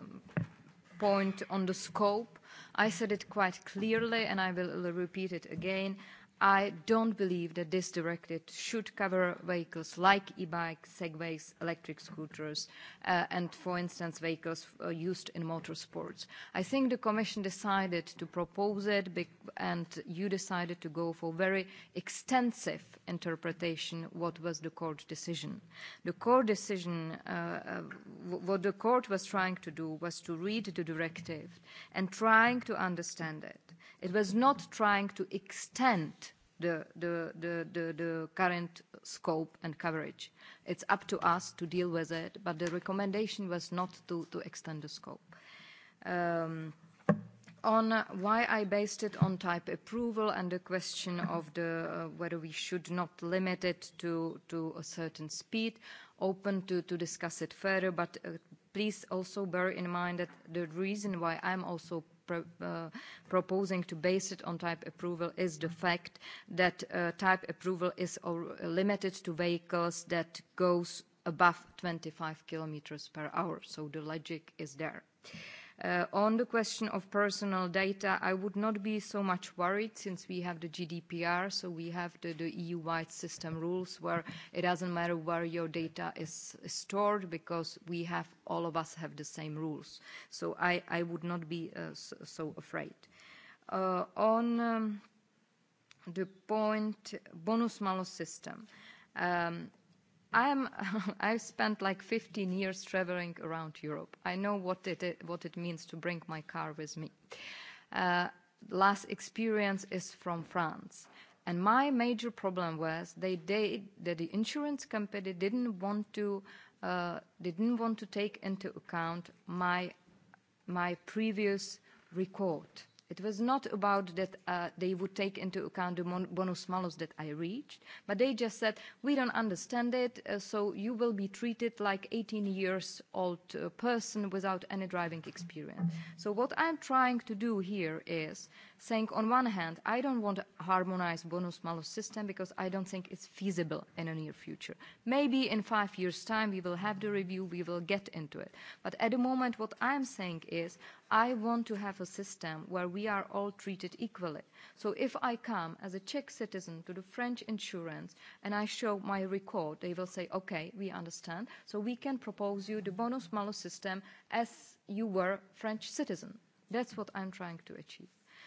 S6: point on the scope, I said it quite clearly, and I will repeat it again I don't believe that this directive should cover vehicles like e-bikes, segways, electric scooters, uh, and, for instance, vehicles uh, used in motorsports. I think the Commission decided to propose it, and you decided to go for very extensive interpretation what was the court decision. The court decision, uh, uh, what the court was trying to do was to read the directive and trying to understand it It was not trying to extend the, the, the, the, the current scope and coverage. It's up to us to deal with it, but the recommendation was not to, to extend the scope. Um, on why I based it on type approval and the question of the uh, whether we should not limit it to, to a certain speed, open to, to discuss it further, but uh, please also bear in mind that the reason why I'm also pro uh, proposing to base it on type approval is the fact that uh, type approval is limited to vehicles that goes above 25 kilometers per hour. So the logic is there. Uh, on the question of personal data, I would not be so much worried since we have the GDPR, so we have the, the EU-wide system rules where it doesn't matter where your data is stored because we have, all of us have the same rules. So I, I would not be uh, so, so afraid. Uh, on um, the point bonus-malus system, um, I am, I've spent like 15 years traveling around Europe. I know what it, what it means to bring my car with me. Uh, last experience is from France. And my major problem was they, they that the insurance company didn't want to uh, didn't want to take into account my my previous record. Uh, It was not about that uh, they would take into account the mon- bonus malus that I reached, but they just said, we don't understand it, uh, so you will be treated like 18 years old uh, person without any driving experience. So what I'm trying to do here is saying on one hand, I don't want a harmonized bonus-malus system because I don't think it's feasible in the near future. Maybe in five years' time we will have the review, we will get into it. But at the moment what I'm saying is I want to have a system where we are all treated equally. So if I come as a Czech citizen to the French insurance and I show my record, they will say, okay, we understand. So we can propose you the bonus-malus system as you were French citizen. That's what I'm trying to achieve.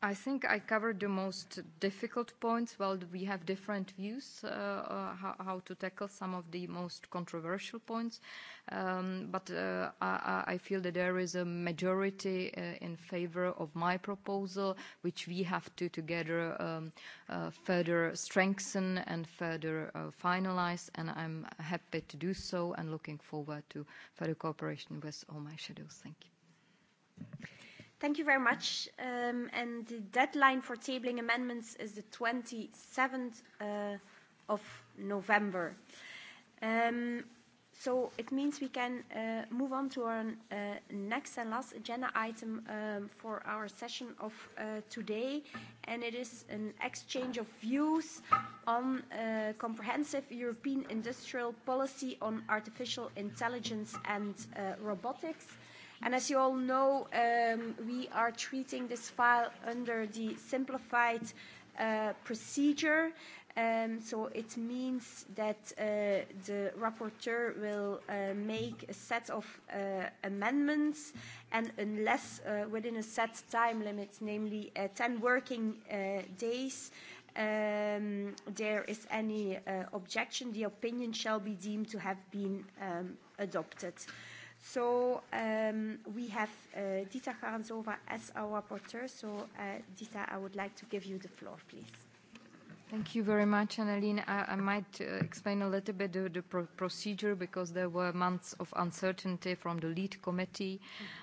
S6: I think I covered the most difficult points. Well, we have different views uh, uh, how, how to tackle some of the most controversial points, um, but uh, I, I feel that there is a majority uh, in favor of my proposal, which we have to together um, uh, further strengthen and further uh, finalize, and I'm happy to do so and looking forward to further cooperation with all my shadows. Thank you. Thank you very much. Um, and the
S1: deadline for tabling amendments is the 27th uh, of November. Um, so it means we can uh, move on to our uh, next and last agenda item um, for our session of uh, today, and it is an exchange of views on uh, comprehensive European industrial policy on artificial intelligence and uh, robotics. And as you all know, um, we are treating this file under the simplified uh, procedure. Um, so it means that uh, the rapporteur will uh, make a set of uh, amendments and unless uh, within a set time limit, namely uh, 10 working uh, days, um, there is any uh, objection, the opinion shall be deemed to have been um, adopted. So um, we have uh, Dita Charanzova as our rapporteur. So uh, Dita, I would like to give you the floor, please.
S6: Thank you very much, Annalena. I, I might uh, explain a little bit the, the pro procedure because there were months of uncertainty from the lead committee,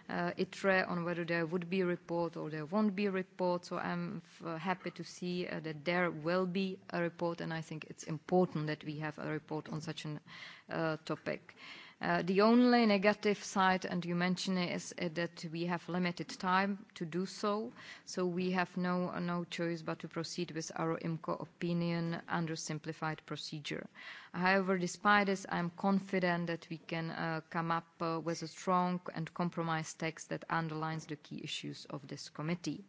S6: uh, ITRE, on whether there would be a report or there won't be a report. So I'm f happy to see uh, that there will be a report, and I think it's important that we have a report on such a uh, topic. Uh, The only negative side, and you mentioned it, is that we have limited time to do so. So we have no choice but to proceed with our IMCO opinion under simplified procedure. However, despite this, I am confident that we can come up with a strong and compromise text that underlines the key issues of this committee.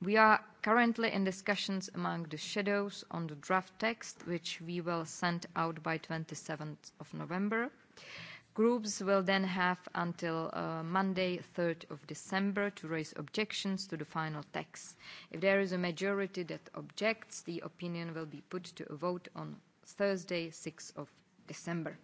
S6: We are currently in discussions among the shadows on the draft text, which we will send out by 27th of November. Groups will then have until uh, Monday, 3rd of December, to raise objections to the final text. If there is a majority that objects, the opinion will be put to a vote on Thursday, 6th of December.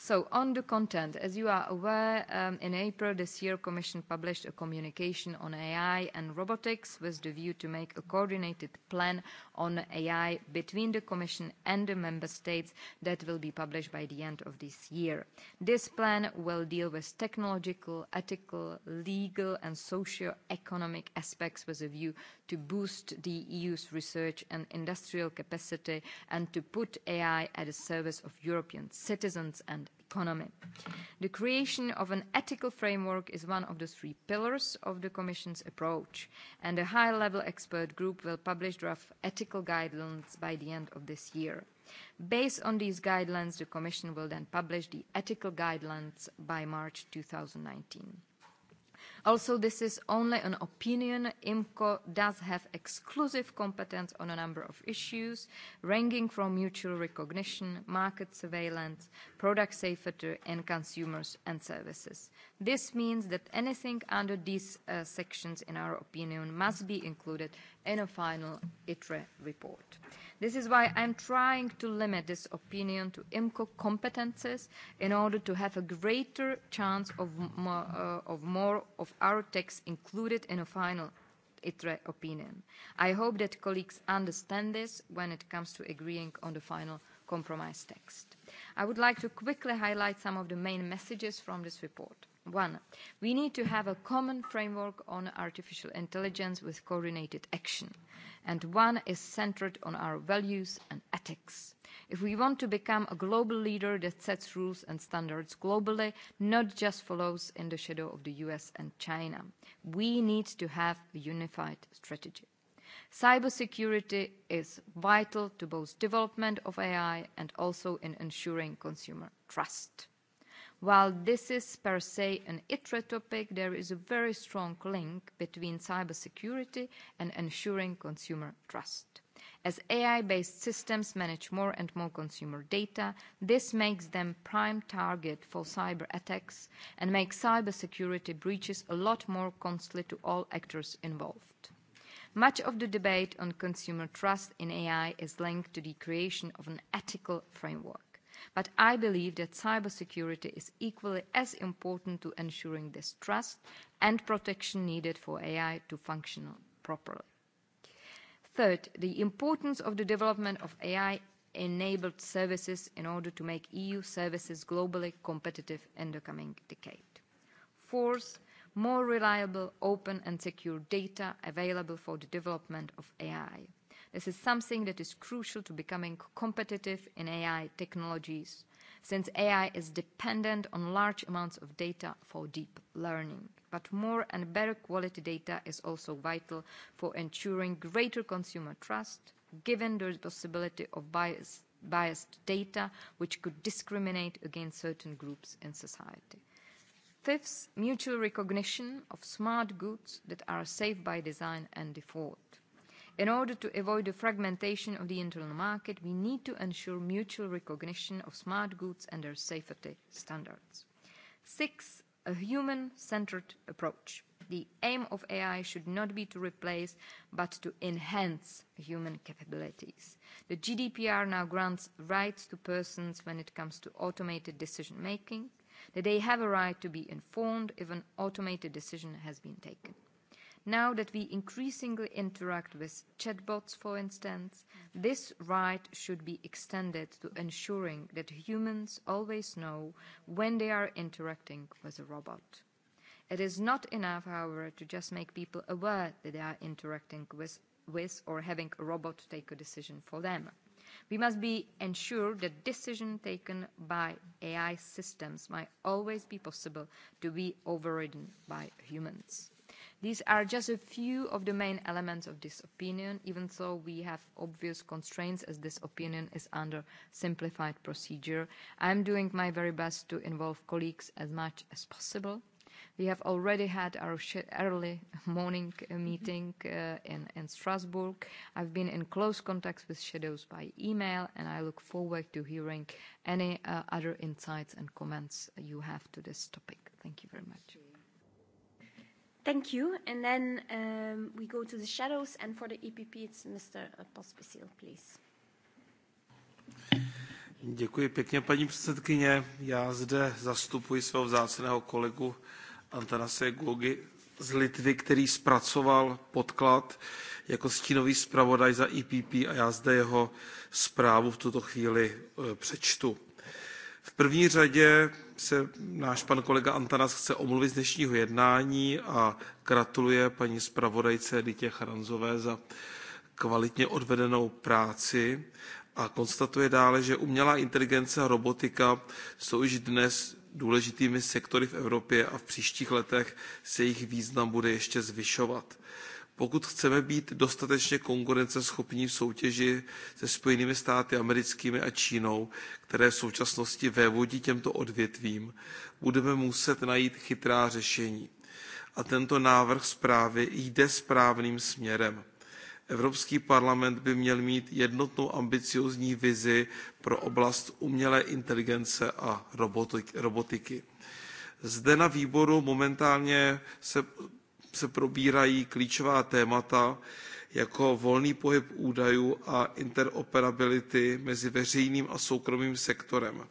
S6: So on the content, as you are aware, um, in April this year, Commission published a communication on AI and robotics with the view to make a coordinated plan on AI between the Commission and the Member States that will be published by the end of this year. This plan will deal with technological, ethical, legal and socio-economic aspects with a view to boost the EU's research and industrial capacity and to put AI at the service of European citizens and economy. The creation of an ethical framework is one of the three pillars of the Commission's approach, and a high-level expert group will publish draft ethical guidelines by the end of this year. Based on these guidelines, the Commission will then publish the ethical guidelines by March 2019. Also, this is only an opinion. IMCO does have exclusive competence on a number of issues, ranging from mutual recognition, market surveillance, product safety, and consumers and services. This means that anything under these uh, sections, in our opinion, must be included in a final ITRE report. This is why I'm trying to limit this opinion to IMCO competences in order to have a greater chance of, more, uh, of more of our text included in a final ITRE opinion. I hope that colleagues understand this when it comes to agreeing on the final compromise text. I would like to quickly highlight some of the main messages from this report. One, we need to have a common framework on artificial intelligence with coordinated action, and one is centered on our values and ethics. If we want to become a global leader that sets rules and standards globally, not just follows in the shadow of the US and China, we need to have a unified strategy. Cybersecurity is vital to both development of AI and also in ensuring consumer trust. While this is per se an ITRE topic, there is a very strong link between cybersecurity and ensuring consumer trust. As AI-based systems manage more and more consumer data, this makes them prime target for cyber attacks and makes cybersecurity breaches a lot more costly to all actors involved. Much of the debate on consumer trust in AI is linked to the creation of an ethical framework. But I believe that cybersecurity is equally as important to ensuring this trust and protection needed for AI to function properly. Third, the importance of the development of AI-enabled services in order to make EU services globally competitive in the coming decade. Fourth, more reliable, open, and secure data available for the development of AI. This is something that is crucial to becoming competitive in AI technologies, since AI is dependent on large amounts of data for deep learning. But more and better quality data is also vital for ensuring greater consumer trust, given the possibility of bias, biased data which could discriminate against certain groups in society. Fifth, mutual recognition of smart goods that are safe by design and default. In order to avoid the fragmentation of the internal market, we need to ensure mutual recognition of smart goods and their safety standards. Six, a human-centered approach. The aim of AI should not be to replace, but to enhance human capabilities. The GDPR now grants rights to persons when it comes to automated decision-making, that they have a right to be informed if an automated decision has been taken. Now that we increasingly interact with chatbots, for instance, this right should be extended to ensuring that humans always know when they are interacting with a robot. It is not enough, however, to just make people aware that they are interacting with, with or having a robot take a decision for them. We must be ensured that decision taken by AI systems might always be possible to be overridden by humans. These are just a few of the main elements of this opinion, even though we have obvious constraints as this opinion is under simplified procedure. I am doing my very best to involve colleagues as much as possible. We have already had our early morning meeting uh, in, in Strasbourg. I've been in close contact with shadows by email, and I look forward to hearing any uh, other insights and comments you have to this topic. Thank you very much.
S1: Thank you. And then um, we go to the shadows, and for the EPP, it's Mr. Pospisil, please.
S7: Děkuji pěkně, paní předsedkyně. Já zde zastupuji svého vzácného kolegu Antanase Gogi z Litvy, který zpracoval podklad jako stínový zpravodaj za EPP a já zde jeho zprávu v tuto chvíli přečtu V první řadě se náš pan kolega Antanas chce omluvit z dnešního jednání a gratuluje paní zpravodajce Ditě Charanzové za kvalitně odvedenou práci a konstatuje dále, že umělá inteligence a robotika jsou již dnes důležitými sektory v Evropě a v příštích letech se jejich význam bude ještě zvyšovat. Pokud chceme být dostatečně konkurenceschopní v soutěži se Spojenými státy americkými a Čínou, které v současnosti vévodí těmto odvětvím, budeme muset najít chytrá řešení. A tento návrh zprávy jde správným směrem. Evropský parlament by měl mít jednotnou ambiciozní vizi pro oblast umělé inteligence a robotiky. Zde na výboru momentálně se se probírají klíčová témata jako volný pohyb údajů a interoperability mezi veřejným a soukromým sektorem,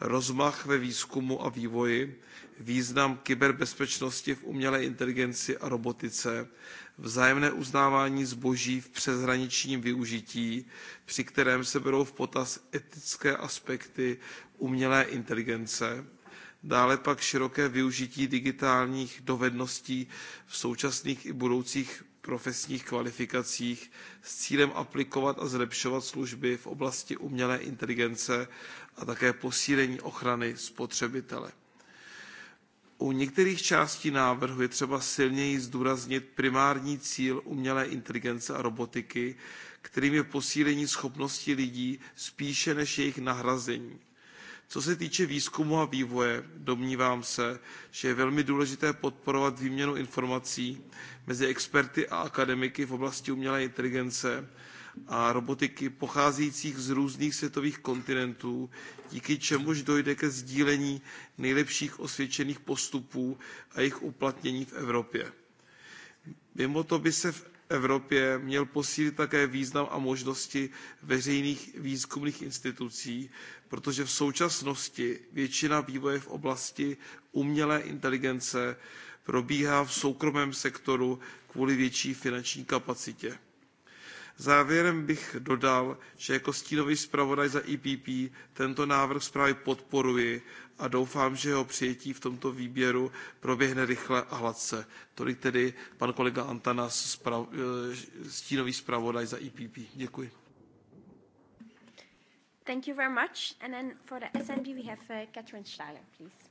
S7: rozmach ve výzkumu a vývoji, význam kyberbezpečnosti v umělé inteligenci a robotice, vzájemné uznávání zboží v přeshraničním využití, při kterém se berou v potaz etické aspekty umělé inteligence, dále pak široké využití digitálních dovedností v současných i budoucích profesních kvalifikacích s cílem aplikovat a zlepšovat služby v oblasti umělé inteligence a také posílení ochrany spotřebitele. U některých částí návrhu je třeba silněji zdůraznit primární cíl umělé inteligence a robotiky, kterým je posílení schopnosti lidí spíše než jejich nahrazení. Co se týče výzkumu a vývoje, domnívám se, že je velmi důležité podporovat výměnu informací mezi experty a akademiky v oblasti umělé inteligence a robotiky pocházejících z různých světových kontinentů, díky čemuž dojde ke sdílení nejlepších osvědčených postupů a jejich uplatnění v Evropě. Mimo to by se v Evropě měl posílit také význam a možnosti veřejných výzkumných institucí, protože v současnosti většina vývoje v oblasti umělé inteligence probíhá v soukromém sektoru kvůli větší finanční kapacitě Závěrem bych dodal, že jako stínový zpravodaj za EPP tento návrh zprávy podporuji a doufám, že jeho přijetí v tomto výběru proběhne rychle a hladce. Tolik tedy pan kolega Antanas, stínový zpravodaj za EPP. Děkuji.
S1: Thank you very much. And then for the we have uh, Catherine please.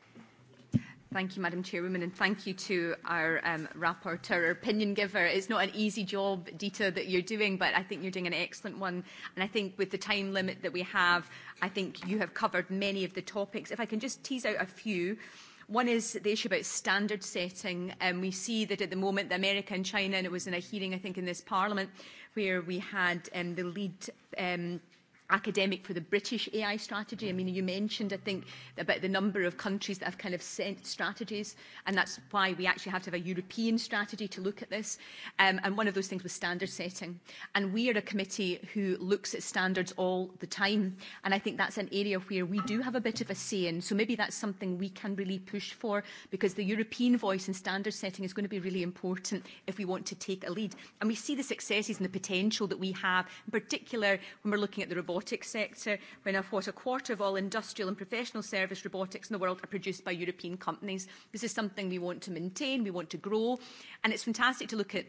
S12: Thank you, Madam Chairwoman, and thank you to our um, rapporteur, opinion giver. It's not an easy job, Dita, that you're doing, but I think you're doing an excellent one. And I think with the time limit that we have, I think you have covered many of the topics. If I can just tease out a few. One is the issue about standard setting. Um, we see that at the moment, the America and China, and it was in a hearing, I think, in this parliament, where we had um, the lead um, – academic for the British AI strategy. I mean, you mentioned, I think, about the number of countries that have kind of sent strategies, and that's why we actually have to have a European strategy to look at this. and one of those things was standard setting. And we are a committee who looks at standards all the time. And I think that's an area where we do have a bit of a say in. So maybe that's something we can really push for because the European voice in standard setting is going to be really important if we want to take a lead. And we see the successes and the potential that we have, in particular when we're looking at the robotics robotics sector when of what a quarter of all industrial and professional service robotics in the world are produced by European companies. This is something we want to maintain, we want to grow, and it's fantastic to look at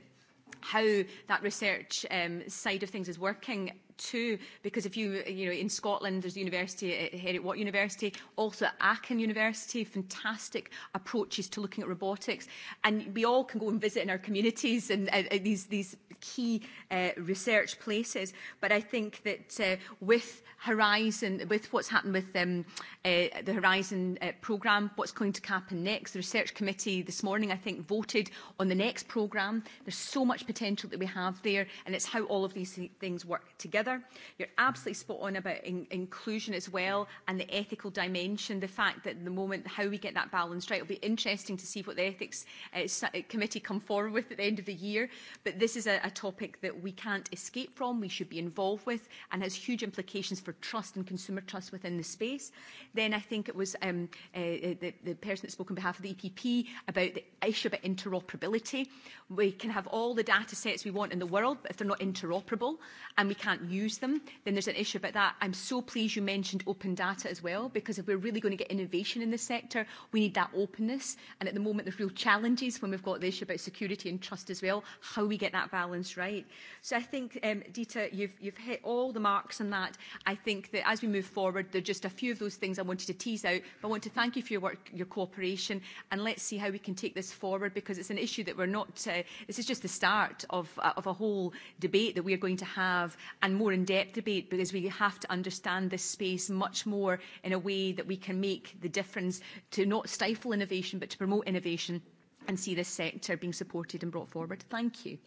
S12: how that research um, side of things is working too, because if you, you know, in Scotland, there's a university at Heriot Watt University, also at Aachen University, fantastic approaches to looking at robotics. And we all can go and visit in our communities and uh, these, these key uh, research places. But I think that uh, with Horizon, with what's happened with um, uh, the Horizon uh, programme, what's going to happen next, the research committee this morning, I think, voted on the next programme. There's so much potential that we have there, and it's how all of these things work together together. You're absolutely spot on about in- inclusion as well and the ethical dimension. The fact that at the moment how we get that balance right, it'll be interesting to see what the ethics uh, committee come forward with at the end of the year. But this is a, a topic that we can't escape from. We should be involved with and has huge implications for trust and consumer trust within the space. Then I think it was um, uh, the, the person that spoke on behalf of the EPP about the issue about interoperability. We can have all the data sets we want in the world, but if they're not interoperable and we can't use use them, then there's an issue about that. I'm so pleased you mentioned open data as well, because if we're really going to get innovation in this sector, we need that openness. And at the moment, there's real challenges when we've got the issue about security and trust as well, how we get that balance right. So I think, um, Dita, you've, you've hit all the marks on that. I think that as we move forward, there are just a few of those things I wanted to tease out, but I want to thank you for your work, your cooperation, and let's see how we can take this forward, because it's an issue that we're not, uh, this is just the start of, uh, of a whole debate that we are going to have, and more more in-depth debate because we have to understand this space much more in a way that we can make the difference to not stifle innovation but to promote innovation and see this sector being supported and brought forward. Thank you.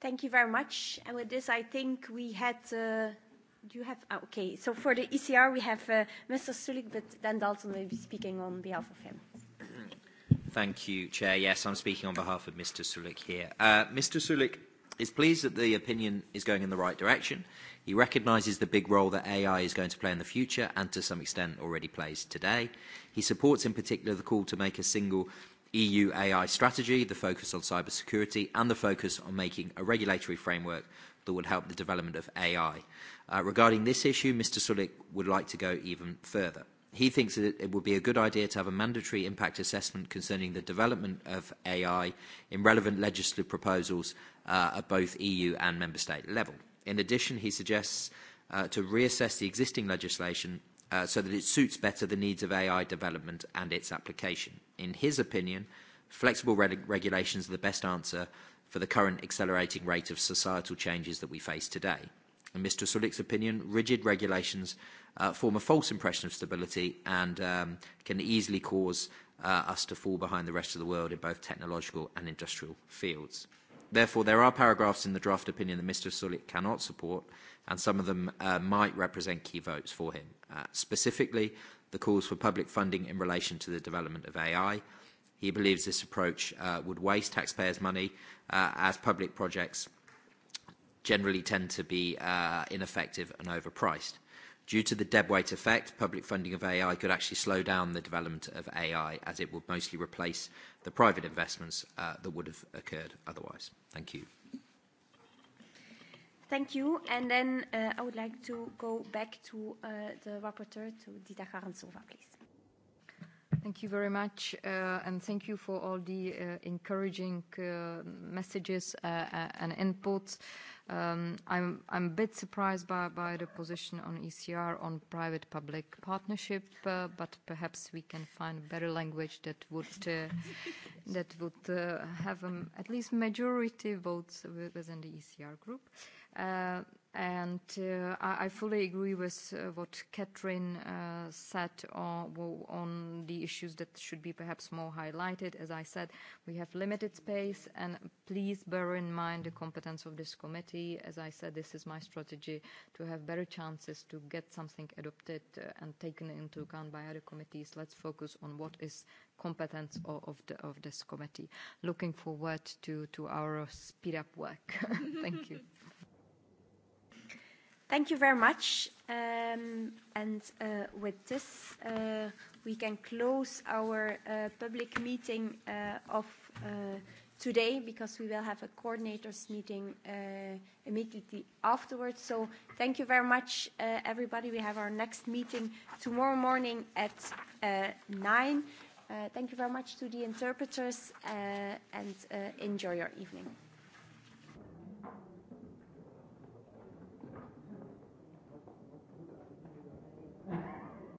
S1: Thank you very much. And with this, I think we had. Uh, do you have? Oh, okay. So for the ECR, we have uh, Mr. Sulik, but Dan Dalton will be speaking on behalf of him.
S9: Thank you, Chair. Yes, I'm speaking on behalf of Mr. Sulik here. Uh, Mr. Sulik is pleased that the opinion is going in the right direction. He recognises the big role that AI is going to play in the future and to some extent already plays today. He supports in particular the call to make a single EU AI strategy, the focus on cybersecurity, and the focus on making a regulatory framework that would help the development of AI. Uh, regarding this issue, Mr. Sulik would like to go even further. He thinks that it would be a good idea to have a mandatory impact assessment concerning the development of AI in relevant legislative proposals uh, at both EU and member state level. In addition, he suggests uh, to reassess the existing legislation uh, so that it suits better the needs of AI development and its application. In his opinion, flexible reg regulations are the best answer for the current accelerating rate of societal changes that we face today. In Mr. Sulik's opinion, rigid regulations uh, form a false impression of stability and um, can easily cause uh, us to fall behind the rest of the world in both technological and industrial fields. Therefore, there are paragraphs in the draft opinion that Mr. Sulik cannot support, and some of them uh, might represent key votes for him. Uh, specifically, the calls for public funding in relation to the development of AI. He believes this approach uh, would waste taxpayers' money uh, as public projects generally tend to be uh, ineffective and overpriced. Due to the deadweight effect, public funding of AI could actually slow down the development of AI as it would mostly replace the private investments that would have occurred otherwise. Thank you.
S1: Thank you. And then I would like to go back to the rapporteur, to Dita Garantsova, please.
S6: Thank you very much, uh, and thank you for all the uh, encouraging uh, messages uh, and inputs. Um, I'm, I'm a bit surprised by, by the position on ECR on private-public partnership, uh, but perhaps we can find better language that would uh, that would uh, have um, at least majority votes within the ECR group. Uh, And uh, I, I fully agree with uh, what Catherine uh, said on, on the issues that should be perhaps more highlighted. As I said, we have limited space, and please bear in mind the competence of this committee. As I said, this is my strategy to have better chances to get something adopted uh, and taken into account by other committees. Let's focus on what is competence of, of, the, of this committee. Looking forward to, to our speed up work. Thank you.
S1: Thank you very much. Um, and uh, with this, uh, we can close our uh, public meeting uh, of uh, today because we will have a coordinators meeting uh, immediately afterwards. So thank you very much, uh, everybody. We have our next meeting tomorrow morning at uh, 9. Uh, thank you very much to the interpreters uh, and uh, enjoy your evening.